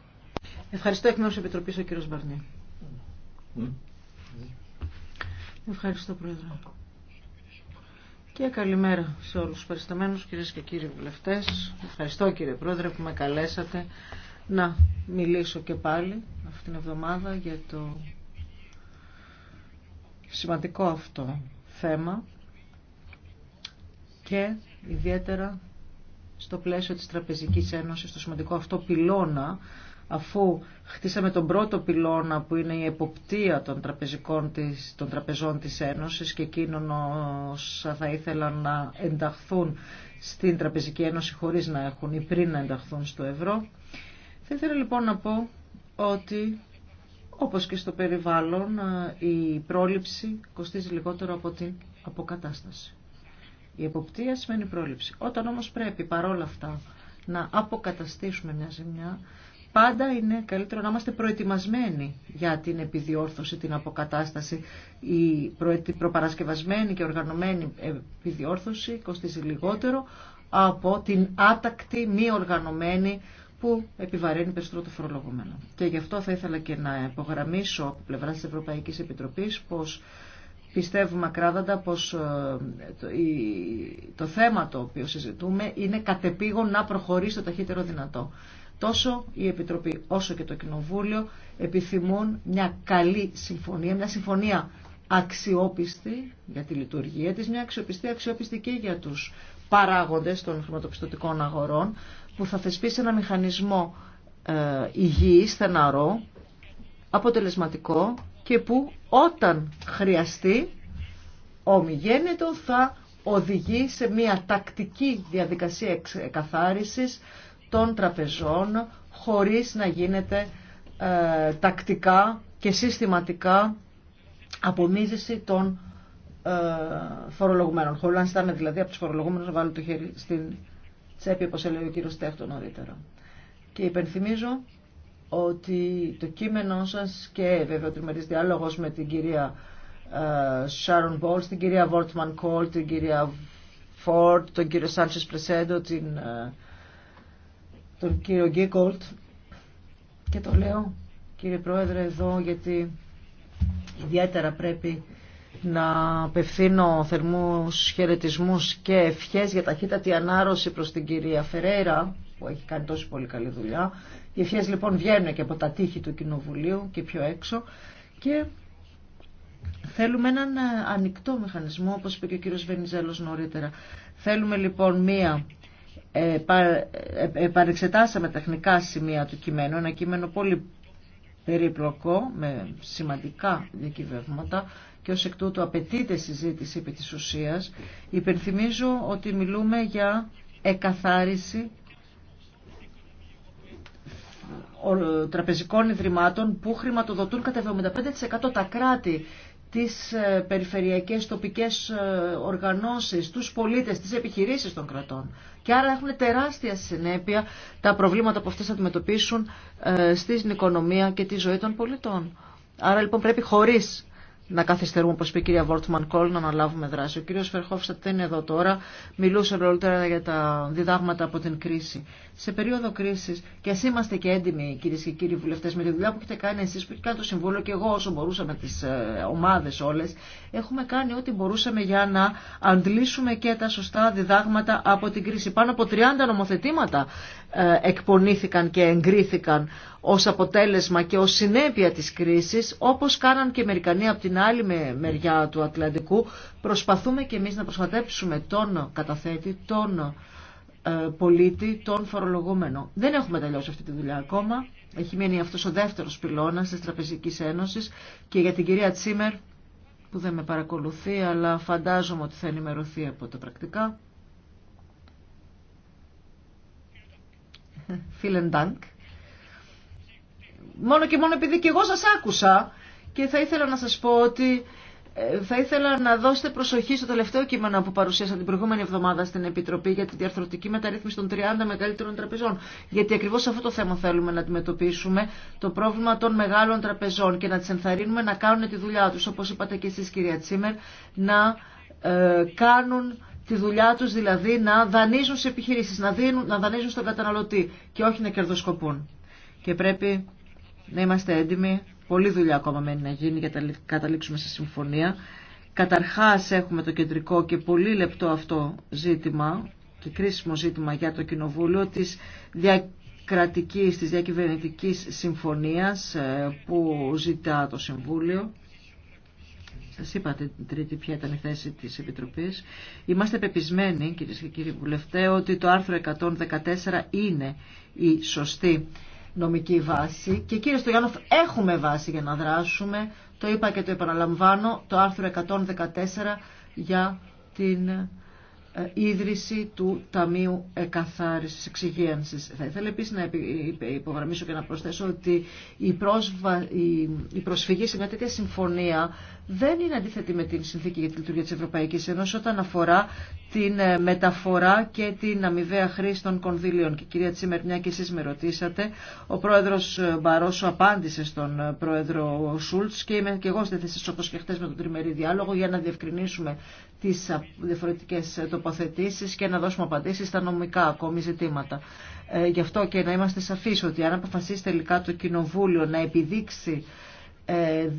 Ευχαριστώ εκ νέου Επιτροπή ο κύριος Μπαρνί. Ευχαριστώ Πρόεδρε. Και καλημέρα σε όλους τους παρισταμένους κυρίες και κύριοι βουλευτές. Ευχαριστώ κύριε Πρόεδρε που με καλέσατε να μιλήσω και πάλι αυτήν την εβδομάδα για το σημαντικό αυτό θέμα και ιδιαίτερα στο πλαίσιο της Τραπεζικής Ένωσης, στο σημαντικό αυτό πυλώνα, αφού χτίσαμε τον πρώτο πυλώνα που είναι η εποπτεία των, τραπεζικών της, των τραπεζών της Ένωσης και εκείνων όσα θα ήθελαν να ενταχθούν στην Τραπεζική Ένωση χωρίς να έχουν ή πριν να ενταχθούν στο ευρώ. Θα ήθελα λοιπόν να πω ότι όπως και στο περιβάλλον η πρόληψη κοστίζει λιγότερο από την αποκατάσταση. Η εποπτεία σημαίνει πρόληψη. Όταν όμως πρέπει παρόλα αυτά να αποκαταστήσουμε μια ζημιά, πάντα είναι καλύτερο να είμαστε προετοιμασμένοι για την επιδιόρθωση, την αποκατάσταση. Η προπαρασκευασμένη και οργανωμένη επιδιόρθωση κοστίζει λιγότερο από την άτακτη μη οργανωμένη που επιβαρύνει περισσότερο το φορολογούμενο. Και γι' αυτό θα ήθελα και να υπογραμμίσω από πλευρά τη Ευρωπαϊκή Επιτροπή πω. Πιστεύουμε ακράδαντα πως ε, το θέμα το οποίο συζητούμε είναι κατεπήγον να προχωρήσει το ταχύτερο δυνατό. Τόσο η Επιτροπή όσο και το Κοινοβούλιο επιθυμούν μια καλή συμφωνία, μια συμφωνία αξιόπιστη για τη λειτουργία της, μια αξιοπιστή αξιόπιστη και για τους παράγοντες των χρηματοπιστωτικών αγορών που θα θεσπίσει ένα μηχανισμό ε, υγιή, στεναρό, αποτελεσματικό και που όταν χρειαστεί ομιγένετο θα οδηγεί σε μια τακτική διαδικασία καθάρισης των τραπεζών χωρίς να γίνεται ε, τακτικά και συστηματικά απομίζηση των ε, φορολογουμένων. Χωρίς να στάνε δηλαδή από τους φορολογούμενους να βάλουν το χέρι στην τσέπη όπως έλεγε ο κύριος Τέχτο νωρίτερα. Και υπενθυμίζω ότι το κείμενό σας και βέβαια ο τριμερής διάλογος με την κυρία ε, Sharon Μπόλ, την κυρία Βόρτμαν Κόλ, την κυρία Φόρτ, τον κύριο Σάντσες Πρεσέντο, την, ε, τον κύριο Γκίκολτ και το λέω κύριε Πρόεδρε εδώ γιατί ιδιαίτερα πρέπει να απευθύνω θερμούς χαιρετισμού και ευχές για ταχύτατη ανάρρωση προς την κυρία Φερέιρα που έχει κάνει τόσο πολύ καλή δουλειά οι ευχέ λοιπόν βγαίνουν και από τα τείχη του Κοινοβουλίου και πιο έξω και θέλουμε έναν ε, ανοιχτό μηχανισμό όπως είπε και ο κύριος Βενιζέλος νωρίτερα. Θέλουμε λοιπόν μία ε, ε, επανεξετάσαμε τεχνικά σημεία του κειμένου, ένα κείμενο πολύ περίπλοκο με σημαντικά διακυβεύματα και ως εκ τούτου απαιτείται συζήτηση επί της ουσίας. Υπενθυμίζω ότι μιλούμε για εκαθάριση τραπεζικών ιδρυμάτων που χρηματοδοτούν κατά 75% τα κράτη τις ε, περιφερειακές τοπικές ε, οργανώσεις, τους πολίτες, τις επιχειρήσεις των κρατών. Και άρα έχουν τεράστια συνέπεια τα προβλήματα που αυτές θα αντιμετωπίσουν ε, στην οικονομία και τη ζωή των πολιτών. Άρα λοιπόν πρέπει χωρίς να καθυστερούμε, όπω είπε η κυρία Βόρτμαν Κόλ, να αναλάβουμε δράση. Ο κύριο Φερχόφστατ δεν είναι εδώ τώρα. Μιλούσε ολότερα για τα διδάγματα από την κρίση. Σε περίοδο κρίση, και α είμαστε και έντιμοι, κυρίε και κύριοι βουλευτέ, με τη δουλειά που έχετε κάνει εσεί, που έχετε κάνει το Συμβούλιο και εγώ όσο μπορούσαμε τι ε, ομάδε όλε, έχουμε κάνει ό,τι μπορούσαμε για να αντλήσουμε και τα σωστά διδάγματα από την κρίση. Πάνω από 30 νομοθετήματα ε, εκπονήθηκαν και εγκρίθηκαν ως αποτέλεσμα και ως συνέπεια της κρίσης, όπως κάναν και οι Αμερικανοί από την άλλη μεριά του Ατλαντικού, προσπαθούμε και εμείς να προστατέψουμε τον καταθέτη, τον ε, πολίτη, τον φορολογούμενο. Δεν έχουμε τελειώσει αυτή τη δουλειά ακόμα. Έχει μείνει αυτός ο δεύτερος πυλώνας της Τραπεζικής Ένωσης και για την κυρία Τσίμερ, που δεν με παρακολουθεί, αλλά φαντάζομαι ότι θα ενημερωθεί από τα πρακτικά. Φίλεν Dank. Μόνο και μόνο επειδή και εγώ σας άκουσα και θα ήθελα να σας πω ότι ε, θα ήθελα να δώσετε προσοχή στο τελευταίο κείμενο που παρουσίασα την προηγούμενη εβδομάδα στην Επιτροπή για τη διαρθρωτική μεταρρύθμιση των 30 μεγαλύτερων τραπεζών. Γιατί ακριβώ αυτό το θέμα θέλουμε να αντιμετωπίσουμε, το πρόβλημα των μεγάλων τραπεζών και να τι ενθαρρύνουμε να κάνουν τη δουλειά τους, όπως είπατε και εσείς κυρία Τσίμερ, να ε, κάνουν τη δουλειά τους δηλαδή να δανείζουν σε επιχειρήσεις, να, δίνουν, να δανείζουν στον καταναλωτή και όχι να κερδοσκοπούν. Και πρέπει να είμαστε έντιμοι, πολλή δουλειά ακόμα μένει να γίνει για να καταλήξουμε σε συμφωνία. Καταρχάς έχουμε το κεντρικό και πολύ λεπτό αυτό ζήτημα και κρίσιμο ζήτημα για το Κοινοβούλιο της διακρατικής, της διακυβερνητικής συμφωνίας ε, που ζητά το Συμβούλιο σας είπα την τρίτη ποια ήταν η θέση της Επιτροπής. Είμαστε πεπισμένοι, κύριε και κύριοι βουλευτέ, ότι το άρθρο 114 είναι η σωστή νομική βάση και κύριε Στογιάννοφ έχουμε βάση για να δράσουμε. Το είπα και το επαναλαμβάνω, το άρθρο 114 για την ε, ίδρυση του Ταμείου Εκαθάρισης Εξυγίανσης. Θα ήθελα επίση να υπογραμμίσω και να προσθέσω ότι η, πρόσβα, η, προσφυγή σε μια τέτοια συμφωνία δεν είναι αντίθετη με την συνθήκη για τη λειτουργία της Ευρωπαϊκής Ένωσης όταν αφορά την ε, μεταφορά και την αμοιβαία χρήση των κονδύλιων. Και κυρία Τσίμερ, μια και εσείς με ρωτήσατε, ο πρόεδρος ε, Μπαρόσο απάντησε στον ε, πρόεδρο Σούλτς και είμαι και εγώ στη θέση όπω και χτες με τον τριμερή διάλογο για να διευκρινίσουμε τις διαφορετικές τοποθετήσεις και να δώσουμε απαντήσεις στα νομικά ακόμη ζητήματα. γι' αυτό και να είμαστε σαφείς ότι αν αποφασίσει τελικά το Κοινοβούλιο να επιδείξει ε,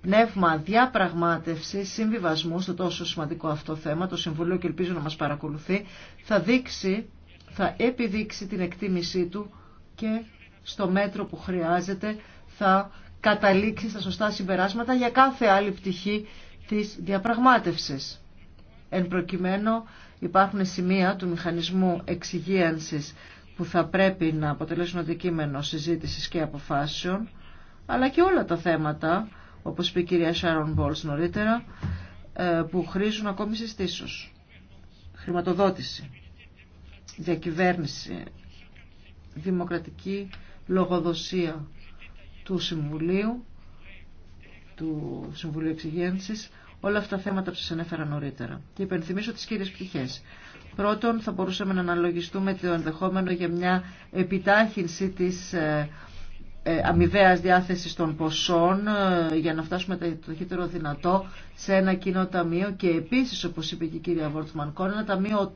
πνεύμα διαπραγμάτευση, συμβιβασμού στο τόσο σημαντικό αυτό θέμα, το Συμβουλίο και ελπίζω να μας παρακολουθεί, θα δείξει, θα επιδείξει την εκτίμησή του και στο μέτρο που χρειάζεται θα καταλήξει στα σωστά συμπεράσματα για κάθε άλλη πτυχή της διαπραγμάτευσης. Εν προκειμένου υπάρχουν σημεία του μηχανισμού εξυγίανσης που θα πρέπει να αποτελέσουν αντικείμενο συζήτησης και αποφάσεων αλλά και όλα τα θέματα, όπως είπε η κυρία Σάρον Μπόλς νωρίτερα, ε, που χρήζουν ακόμη συστήσεως. Χρηματοδότηση, διακυβέρνηση, δημοκρατική λογοδοσία του Συμβουλίου, του Συμβουλίου Εξυγένσης, όλα αυτά τα θέματα που σας ανέφερα νωρίτερα. Και υπενθυμίσω τις κύριες πτυχές. Πρώτον, θα μπορούσαμε να αναλογιστούμε το ενδεχόμενο για μια επιτάχυνση της ε, ε, αμοιβαία διάθεση των ποσών ε, για να φτάσουμε το ταχύτερο δυνατό σε ένα κοινό ταμείο και επίσης όπως είπε και η κυρία Βόρτσμαν ένα ταμείο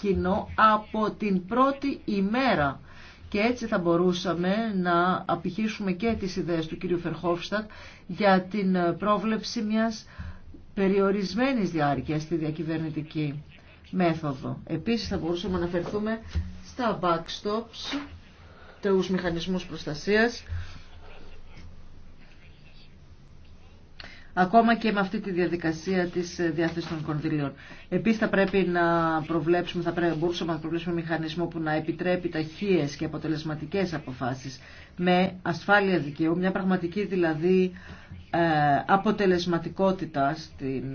κοινό από την πρώτη ημέρα και έτσι θα μπορούσαμε να απηχήσουμε και τις ιδέες του κύριου Φερχόφστατ για την ε, πρόβλεψη μιας περιορισμένης διάρκειας στη διακυβερνητική μέθοδο. Επίσης θα μπορούσαμε να αναφερθούμε στα backstops τους μηχανισμούς προστασίας. ακόμα και με αυτή τη διαδικασία της διάθεσης των κονδυλίων. Επίσης θα πρέπει να προβλέψουμε, θα πρέπει, μπορούσαμε να προβλέψουμε μηχανισμό που να επιτρέπει ταχύες και αποτελεσματικές αποφάσεις με ασφάλεια δικαίου, μια πραγματική δηλαδή ε, αποτελεσματικότητα στην,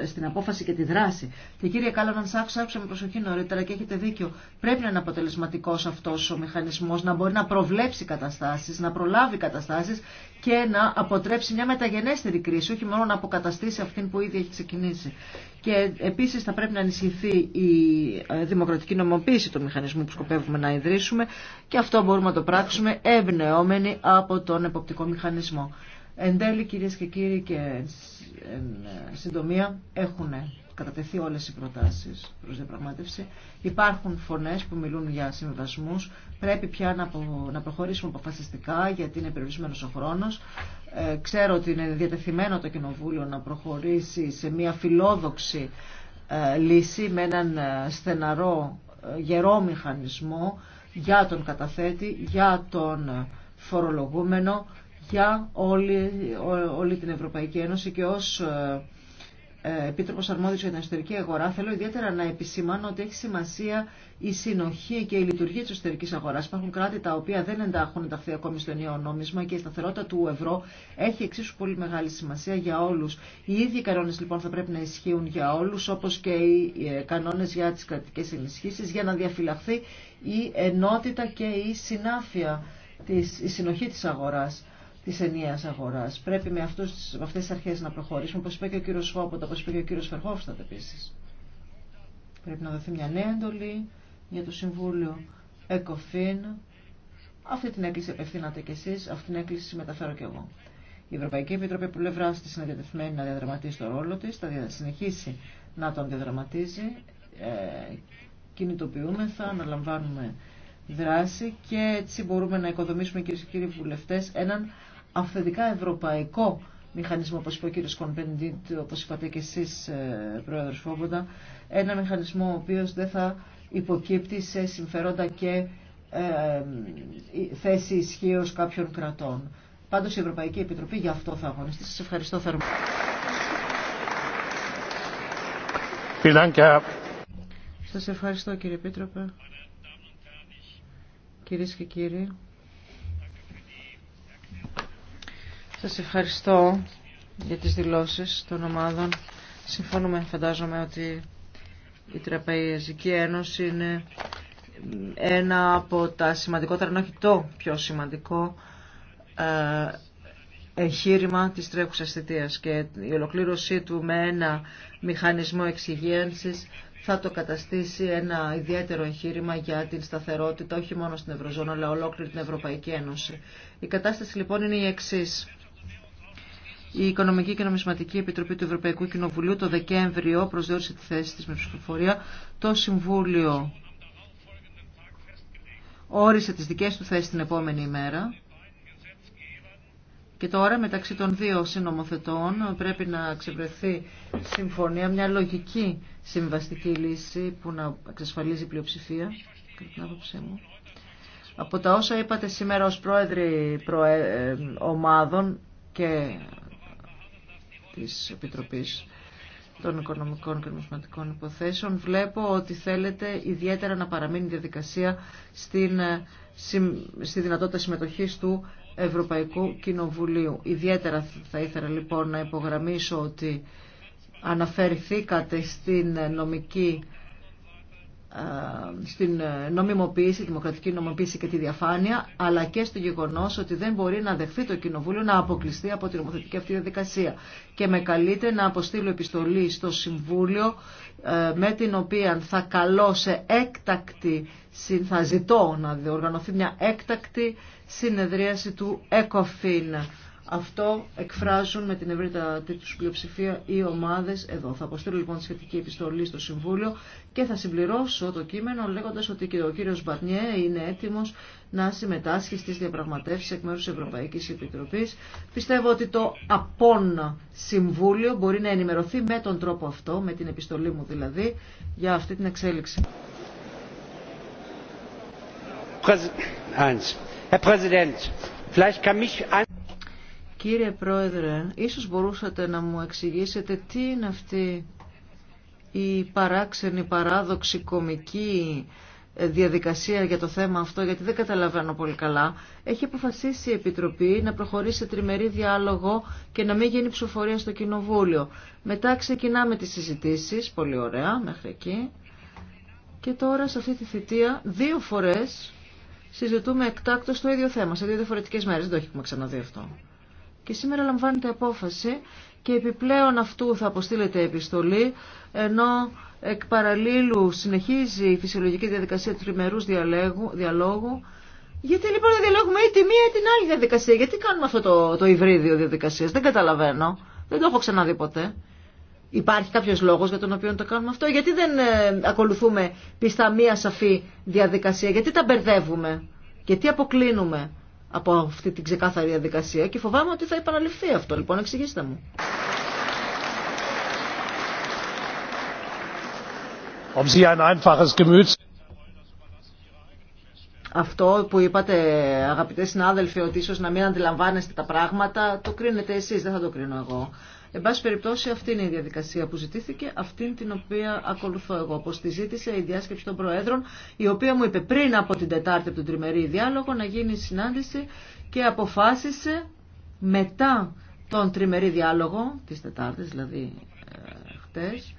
ε, στην απόφαση και τη δράση. Και κύριε Κάλλαναν, σ' άκουσα, άκουσα με προσοχή νωρίτερα και έχετε δίκιο. Πρέπει να είναι αποτελεσματικό αυτό ο μηχανισμό, να μπορεί να προβλέψει καταστάσει, να προλάβει καταστάσει και να αποτρέψει μια μεταγενέστερη κρίση, όχι μόνο να αποκαταστήσει αυτήν που ήδη έχει ξεκινήσει. Και επίσης θα πρέπει να ενισχυθεί η ε, δημοκρατική νομοποίηση του μηχανισμού που σκοπεύουμε να ιδρύσουμε και αυτό μπορούμε να το πράξουμε εμπνεόμενοι από τον εποπτικό μηχανισμό. Εν τέλει κυρίες και κύριοι και συντομία έχουν κατατεθεί όλες οι προτάσεις προ διαπραγμάτευση. Υπάρχουν φωνέ που μιλούν για συμβασμού. Πρέπει πια να, να προχωρήσουμε αποφασιστικά γιατί είναι περιορισμένο ο χρόνος. Ε, ξέρω ότι είναι διατεθειμένο το Κοινοβούλιο να προχωρήσει σε μια φιλόδοξη ε, λύση με έναν ε, στεναρό γερό μηχανισμό για τον καταθέτη, για τον φορολογούμενο, για όλη, όλη την Ευρωπαϊκή Ένωση και ως ε, Επίτροπο Αρμόδιο για την Εσωτερική Αγορά, θέλω ιδιαίτερα να επισημάνω ότι έχει σημασία η συνοχή και η λειτουργία τη εσωτερική αγορά. Υπάρχουν κράτη τα οποία δεν εντάχουν ενταχθεί ακόμη στο νέο νόμισμα και η σταθερότητα του ευρώ έχει εξίσου πολύ μεγάλη σημασία για όλου. Οι ίδιοι κανόνε λοιπόν θα πρέπει να ισχύουν για όλου, όπω και οι ε, κανόνε για τι κρατικέ ενισχύσει, για να διαφυλαχθεί η ενότητα και η συνάφεια, η συνοχή τη αγορά. Τη ενιαία αγορά. Πρέπει με, αυτούς, με αυτές αρχές να προχωρήσουμε, όπως είπε και ο κύριο Σφόποτα, όπω είπε και ο κύριος Φερχόφστατ επίση. Πρέπει να δοθεί μια νέα εντολή για το Συμβούλιο ΕΚΟΦΗΝ. Αυτή την έκκληση απευθύνατε κι εσεί, αυτή την έκκληση μεταφέρω κι εγώ. Η Ευρωπαϊκή Επιτροπή που πλευρά τη είναι διατεθειμένη να διαδραματίσει το ρόλο τη, θα συνεχίσει να τον διαδραματίζει. Ε, κινητοποιούμεθα, αναλαμβάνουμε δράση και έτσι μπορούμε να οικοδομήσουμε κυρίε και κύριοι βουλευτέ έναν αυθεντικά ευρωπαϊκό μηχανισμό, όπως είπε ο κύριος Κονπεντήτ, όπως είπατε και εσείς, ε, Πρόεδρος Φόμποντα, ένα μηχανισμό ο οποίος δεν θα υποκύπτει σε συμφερόντα και ε, ε, ε θέση ισχύω κάποιων κρατών. Πάντως η Ευρωπαϊκή Επιτροπή για αυτό θα αγωνιστεί. Σας ευχαριστώ θερμά. Σας ευχαριστώ κύριε Επίτροπε. Κυρίες και κύριοι. Σας ευχαριστώ για τις δηλώσεις των ομάδων. Συμφωνούμε, φαντάζομαι, ότι η Τραπεζική Ένωση είναι ένα από τα σημαντικότερα, αν όχι το πιο σημαντικό, ε, εγχείρημα της τρέχουσας θητείας και η ολοκλήρωσή του με ένα μηχανισμό εξυγίανσης θα το καταστήσει ένα ιδιαίτερο εγχείρημα για την σταθερότητα όχι μόνο στην Ευρωζώνη αλλά ολόκληρη την Ευρωπαϊκή Ένωση. Η κατάσταση λοιπόν είναι η εξής. Η Οικονομική και Νομισματική Επιτροπή του Ευρωπαϊκού Κοινοβουλίου το Δεκέμβριο προσδιορίσε τη θέση της με ψηφοφορία. Το Συμβούλιο όρισε τις δικές του θέσεις την επόμενη ημέρα. Και τώρα μεταξύ των δύο συνομοθετών πρέπει να ξεβρεθεί συμφωνία, μια λογική συμβαστική λύση που να εξασφαλίζει πλειοψηφία, Από τα όσα είπατε σήμερα ως πρόεδροι ε, ομάδων και της Επιτροπής των Οικονομικών και Νομισματικών Υποθέσεων. Βλέπω ότι θέλετε ιδιαίτερα να παραμείνει η διαδικασία στην, ε, στη δυνατότητα συμμετοχής του Ευρωπαϊκού Κοινοβουλίου. Ιδιαίτερα θα ήθελα λοιπόν να υπογραμμίσω ότι αναφερθήκατε στην νομική ε, στην ε, νομιμοποίηση, δημοκρατική νομιμοποίηση και τη διαφάνεια, αλλά και στο γεγονό ότι δεν μπορεί να δεχθεί το Κοινοβούλιο να αποκλειστεί από την νομοθετική αυτή διαδικασία. Και με καλείται να αποστείλω επιστολή στο Συμβούλιο ε, με την οποία θα καλώ σε έκτακτη, θα ζητώ να διοργανωθεί μια έκτακτη συνεδρίαση του ΕΚΟΦΗΝ. Αυτό εκφράζουν με την ευρύτατη του πλειοψηφία οι ομάδε εδώ. Θα αποστείλω λοιπόν τη σχετική επιστολή στο Συμβούλιο και θα συμπληρώσω το κείμενο λέγοντα ότι ο κύριο Μπαρνιέ είναι έτοιμο να συμμετάσχει στι διαπραγματεύσει εκ μέρου τη Ευρωπαϊκή Επιτροπή. Πιστεύω ότι το απόν Συμβούλιο μπορεί να ενημερωθεί με τον τρόπο αυτό, με την επιστολή μου δηλαδή, για αυτή την εξέλιξη. Herr Präsident, vielleicht kann mich Κύριε Πρόεδρε, ίσως μπορούσατε να μου εξηγήσετε τι είναι αυτή η παράξενη, παράδοξη, κομική διαδικασία για το θέμα αυτό, γιατί δεν καταλαβαίνω πολύ καλά. Έχει αποφασίσει η Επιτροπή να προχωρήσει σε τριμερή διάλογο και να μην γίνει ψηφοφορία στο Κοινοβούλιο. Μετά ξεκινάμε τις συζητήσεις, πολύ ωραία μέχρι εκεί. Και τώρα σε αυτή τη θητεία δύο φορές συζητούμε εκτάκτως το ίδιο θέμα, σε δύο διαφορετικές μέρες. Δεν το έχουμε ξαναδεί αυτό. Και σήμερα λαμβάνεται απόφαση και επιπλέον αυτού θα αποστείλεται επιστολή, ενώ εκ παραλίλου συνεχίζει η φυσιολογική διαδικασία του διαλόγου, γιατί λοιπόν να διαλέγουμε ή τη μία ή την άλλη διαδικασία. Γιατί κάνουμε αυτό το, το υβρίδιο διαδικασία. Δεν καταλαβαίνω. Δεν το έχω ξαναδεί ποτέ. Υπάρχει κάποιο λόγο για τον οποίο το κάνουμε αυτό. Γιατί δεν ε, ακολουθούμε πιστά μία σαφή διαδικασία. Γιατί τα μπερδεύουμε. Γιατί αποκλίνουμε από αυτή την ξεκάθαρη διαδικασία και φοβάμαι ότι θα επαναληφθεί αυτό. Λοιπόν, εξηγήστε μου. Αυτό που είπατε αγαπητέ συνάδελφοι ότι ίσω να μην αντιλαμβάνεστε τα πράγματα το κρίνετε εσείς, δεν θα το κρίνω εγώ. Εν πάση περιπτώσει αυτή είναι η διαδικασία που ζητήθηκε, αυτή την οποία ακολουθώ εγώ, όπω τη ζήτησε η διάσκεψη των Προέδρων, η οποία μου είπε πριν από την Τετάρτη από τον τριμερή διάλογο να γίνει συνάντηση και αποφάσισε μετά τον τριμερή διάλογο, της Τετάρτης δηλαδή ε, χτες,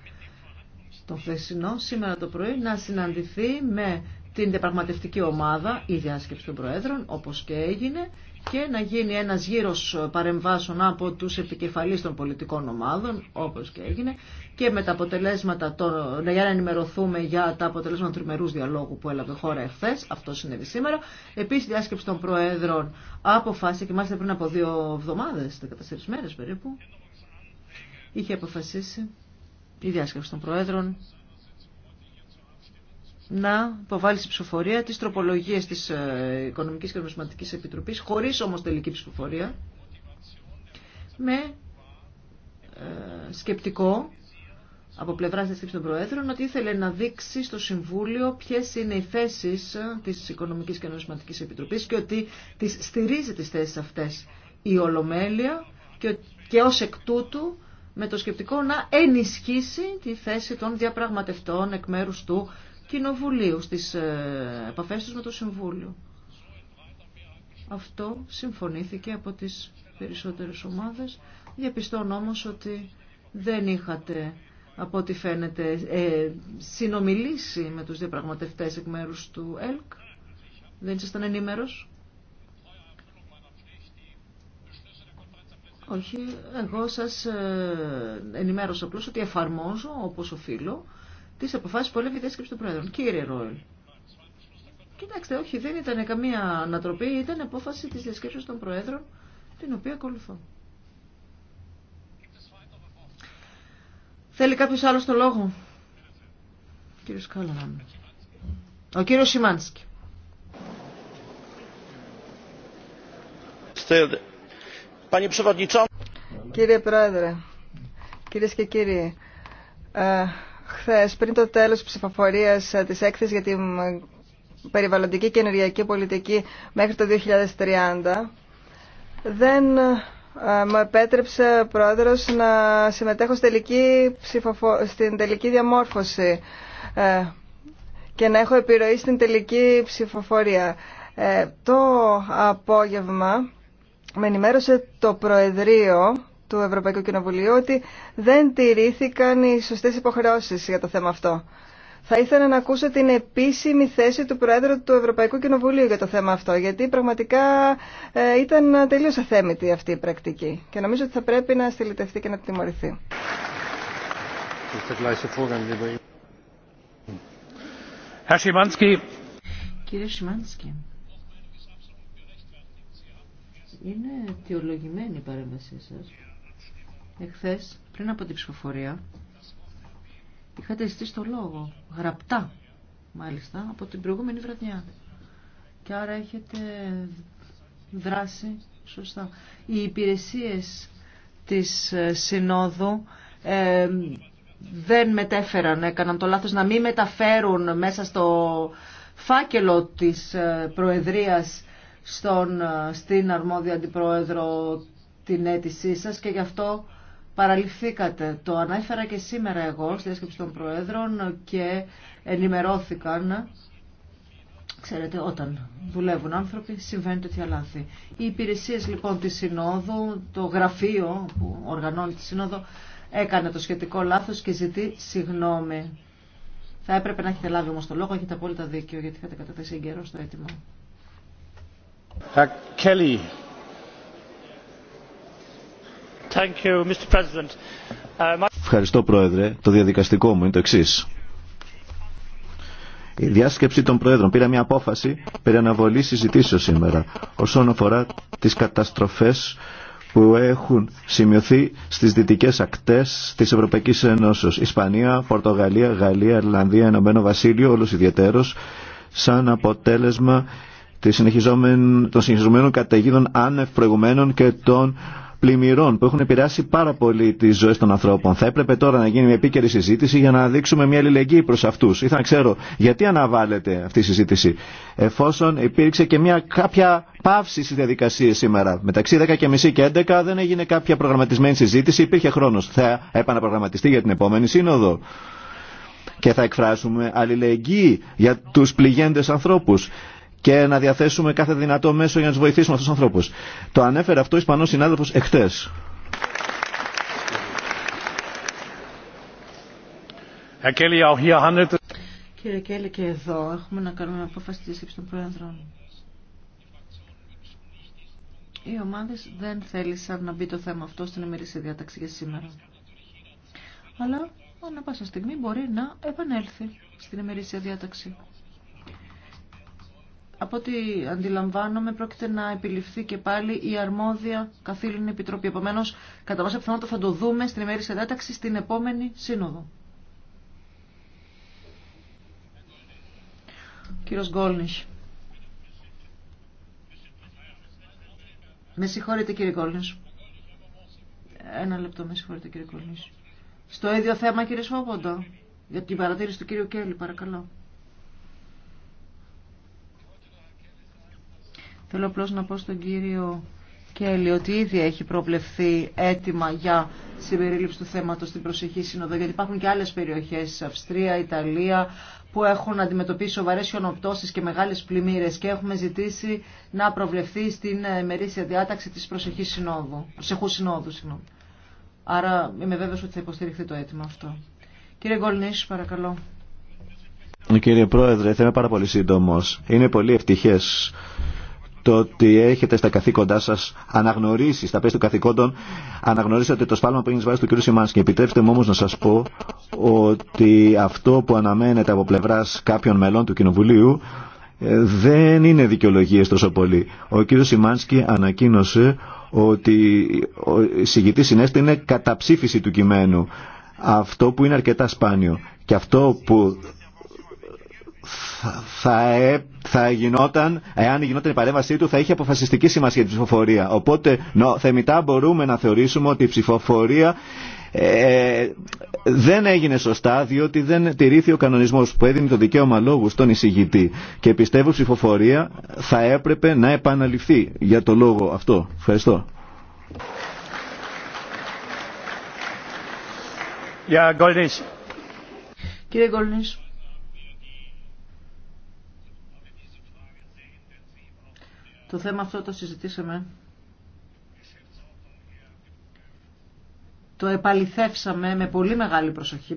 τον χθεσινό, σήμερα το πρωί, να συναντηθεί με την διαπραγματευτική ομάδα, η διάσκεψη των Προέδρων, όπω και έγινε, και να γίνει ένας γύρος παρεμβάσεων από τους επικεφαλείς των πολιτικών ομάδων, όπως και έγινε, και με τα αποτελέσματα, για να ενημερωθούμε για τα αποτελέσματα του τριμερούς διαλόγου που έλαβε χώρα εχθέ, αυτό συνέβη σήμερα. Επίσης, η διάσκεψη των Προέδρων αποφάσισε και μάλιστα πριν από δύο εβδομάδες, 14 μέρες περίπου, είχε αποφασίσει η διάσκεψη των Προέδρων να υποβάλει στη ψηφοφορία τις τροπολογίες της ε, Οικονομικής και Νομισματικής Επιτροπής, χωρίς όμως τελική ψηφοφορία, με ε, σκεπτικό από πλευρά τη τύψη των Προέδρων ότι ήθελε να δείξει στο Συμβούλιο ποιε είναι οι θέσει ε, τη Οικονομική και Νομισματική Επιτροπή και ότι τις στηρίζει τι θέσει αυτέ η Ολομέλεια και, και ω εκ τούτου με το σκεπτικό να ενισχύσει τη θέση των διαπραγματευτών εκ μέρους του Κοινοβουλίου στις ε, επαφές τους με το Συμβούλιο. Αυτό συμφωνήθηκε από τις περισσότερες ομάδες. Διαπιστώνω όμως ότι δεν είχατε από ό,τι φαίνεται ε, συνομιλήσει με τους διαπραγματευτές εκ μέρους του ΕΛΚ. Δεν ήσασταν ενήμερος. Όχι, εγώ σας ε, ενημέρωσα απλώς ότι εφαρμόζω όπως οφείλω τις αποφάσεις που έλεγε η διάσκεψη των Πρόεδρων. Κύριε Ρόιλ, κοιτάξτε, όχι, δεν ήταν καμία ανατροπή, ήταν απόφαση της διασκέψης των Προέδρων, την οποία ακολουθώ. Θέλει κάποιος άλλος το λόγο. κύριος Ο κύριος Σιμάνσκι. Κύριε Πρόεδρε, κυρίες και κύριοι, ε, χθες πριν το τέλος ψηφοφορία ψηφοφορίας ε, της για την περιβαλλοντική και ενεργειακή πολιτική μέχρι το 2030 δεν με επέτρεψε ο Πρόεδρος να συμμετέχω στην τελική, στην τελική διαμόρφωση ε, και να έχω επιρροή στην τελική ψηφοφορία. Ε, το απόγευμα με ενημέρωσε το Προεδρείο του Ευρωπαϊκού Κοινοβουλίου ότι δεν τηρήθηκαν οι σωστές υποχρεώσεις για το θέμα αυτό. Θα ήθελα να ακούσω την επίσημη θέση του Προέδρου του Ευρωπαϊκού Κοινοβουλίου για το θέμα αυτό, γιατί πραγματικά ε, ήταν τελείως αθέμητη αυτή η πρακτική και νομίζω ότι θα πρέπει να στυλιτευτεί και να τιμωρηθεί. Κύριε Σιμάνσκι, είναι αιτιολογημένη η παρέμβασή σας εχθές, πριν από την ψηφοφορία, είχατε ζητήσει το λόγο, γραπτά μάλιστα, από την προηγούμενη βραδιά. Και άρα έχετε δράσει σωστά. Οι υπηρεσίες της ε, Συνόδου ε, δεν μετέφεραν, έκαναν το λάθος να μην μεταφέρουν μέσα στο φάκελο της ε, Προεδρίας στον, στην αρμόδια αντιπρόεδρο την αίτησή σας και γι' αυτό παραλυφθήκατε. Το ανέφερα και σήμερα εγώ στη διάσκεψη των Προέδρων και ενημερώθηκαν. Ξέρετε, όταν δουλεύουν άνθρωποι συμβαίνει τέτοια λάθη. Οι υπηρεσίε λοιπόν τη Συνόδου, το γραφείο που οργανώνει τη Σύνοδο, έκανε το σχετικό λάθος και ζητεί συγγνώμη. Θα έπρεπε να έχετε λάβει όμω το λόγο, έχετε απόλυτα δίκιο, γιατί είχατε καταθέσει εγκαιρό στο αίτημα. Uh, Ευχαριστώ Πρόεδρε. Το διαδικαστικό μου είναι το εξή. Η διάσκεψη των Προέδρων πήρε μια απόφαση περί αναβολής συζητήσεως σήμερα όσον αφορά τις καταστροφές που έχουν σημειωθεί στις δυτικές ακτές της Ευρωπαϊκής Ένωσης. Ισπανία, Πορτογαλία, Γαλλία, Ιρλανδία, Ενωμένο Βασίλειο, όλος ιδιαίτερος, σαν αποτέλεσμα των συνεχιζομένων καταιγίδων άνευ προηγουμένων και των πλημμυρών που έχουν επηρεάσει πάρα πολύ τι ζωέ των ανθρώπων. Θα έπρεπε τώρα να γίνει μια επίκαιρη συζήτηση για να δείξουμε μια αλληλεγγύη προ αυτού. Ήθελα να ξέρω γιατί αναβάλλεται αυτή η συζήτηση, εφόσον υπήρξε και μια κάποια παύση στη διαδικασία σήμερα. Μεταξύ 10.30 και 11 δεν έγινε κάποια προγραμματισμένη συζήτηση, υπήρχε χρόνο. Θα επαναπρογραμματιστεί για την επόμενη σύνοδο και θα εκφράσουμε αλληλεγγύη για τους πληγέντες ανθρώπους και να διαθέσουμε κάθε δυνατό μέσο για να του βοηθήσουμε αυτού του ανθρώπου. Το ανέφερε αυτό ο Ισπανό συνάδελφο εχθέ. Κύριε Κέλλη, και εδώ έχουμε να κάνουμε απόφαση τη σύψη των Πρόεδρων. Οι ομάδε δεν θέλησαν να μπει το θέμα αυτό στην ημερήσια διάταξη για σήμερα. Αλλά, ανά πάσα στιγμή, μπορεί να επανέλθει στην ημερήσια διάταξη από ό,τι αντιλαμβάνομαι, πρόκειται να επιληφθεί και πάλι η αρμόδια καθήλυνη επιτροπή. Επομένω, κατά πάσα πιθανότητα θα το δούμε στην ημέρησια εντάταξη στην επόμενη σύνοδο. Κύριο Γκόλνιχ. Με συγχωρείτε κύριε Γκόλνιχ. Ένα λεπτό, με συγχωρείτε κύριε Γκόλνιχ. Στο ίδιο θέμα κύριε Σφόποντα, για την παρατήρηση του κύριου Κέλλη, παρακαλώ. Θέλω απλώς να πω στον κύριο Κέλλη ότι ήδη έχει προβλεφθεί έτοιμα για συμπερίληψη του θέματος στην προσεχή σύνοδο, γιατί υπάρχουν και άλλες περιοχές, Αυστρία, Ιταλία, που έχουν αντιμετωπίσει σοβαρέ χιονοπτώσει και μεγάλε πλημμύρε και έχουμε ζητήσει να προβλεφθεί στην μερίσια διάταξη τη προσεχή συνόδου. Προσεχού συνόδου, Άρα είμαι βέβαιο ότι θα υποστηριχθεί το αίτημα αυτό. Κύριε Γκολνίση, παρακαλώ. Κύριε Πρόεδρε, θα είμαι πάρα πολύ σύντομο. Είναι πολύ ευτυχέ το ότι έχετε στα καθήκοντά σας αναγνωρίσει, στα πέστη των καθηκόντων, αναγνωρίσατε το σφάλμα που έγινε βάση του κ. Σιμάνσκι. Επιτρέψτε μου όμως να σας πω ότι αυτό που αναμένεται από πλευράς κάποιων μελών του Κοινοβουλίου ε, δεν είναι δικαιολογίε τόσο πολύ. Ο κ. Σιμάνσκι ανακοίνωσε ότι ο συγητή συνέστη είναι καταψήφιση του κειμένου. Αυτό που είναι αρκετά σπάνιο. Και αυτό που θα, ε, θα γινόταν, εάν γινόταν η παρέμβασή του, θα είχε αποφασιστική σημασία για την ψηφοφορία. Οπότε, νο, θεμητά μπορούμε να θεωρήσουμε ότι η ψηφοφορία ε, δεν έγινε σωστά, διότι δεν τηρήθη ο κανονισμός που έδινε το δικαίωμα λόγου στον εισηγητή. Και πιστεύω ψηφοφορία θα έπρεπε να επαναληφθεί για το λόγο αυτό. Ευχαριστώ. Yeah, Κύριε Το θέμα αυτό το συζητήσαμε. Το επαληθεύσαμε με πολύ μεγάλη προσοχή.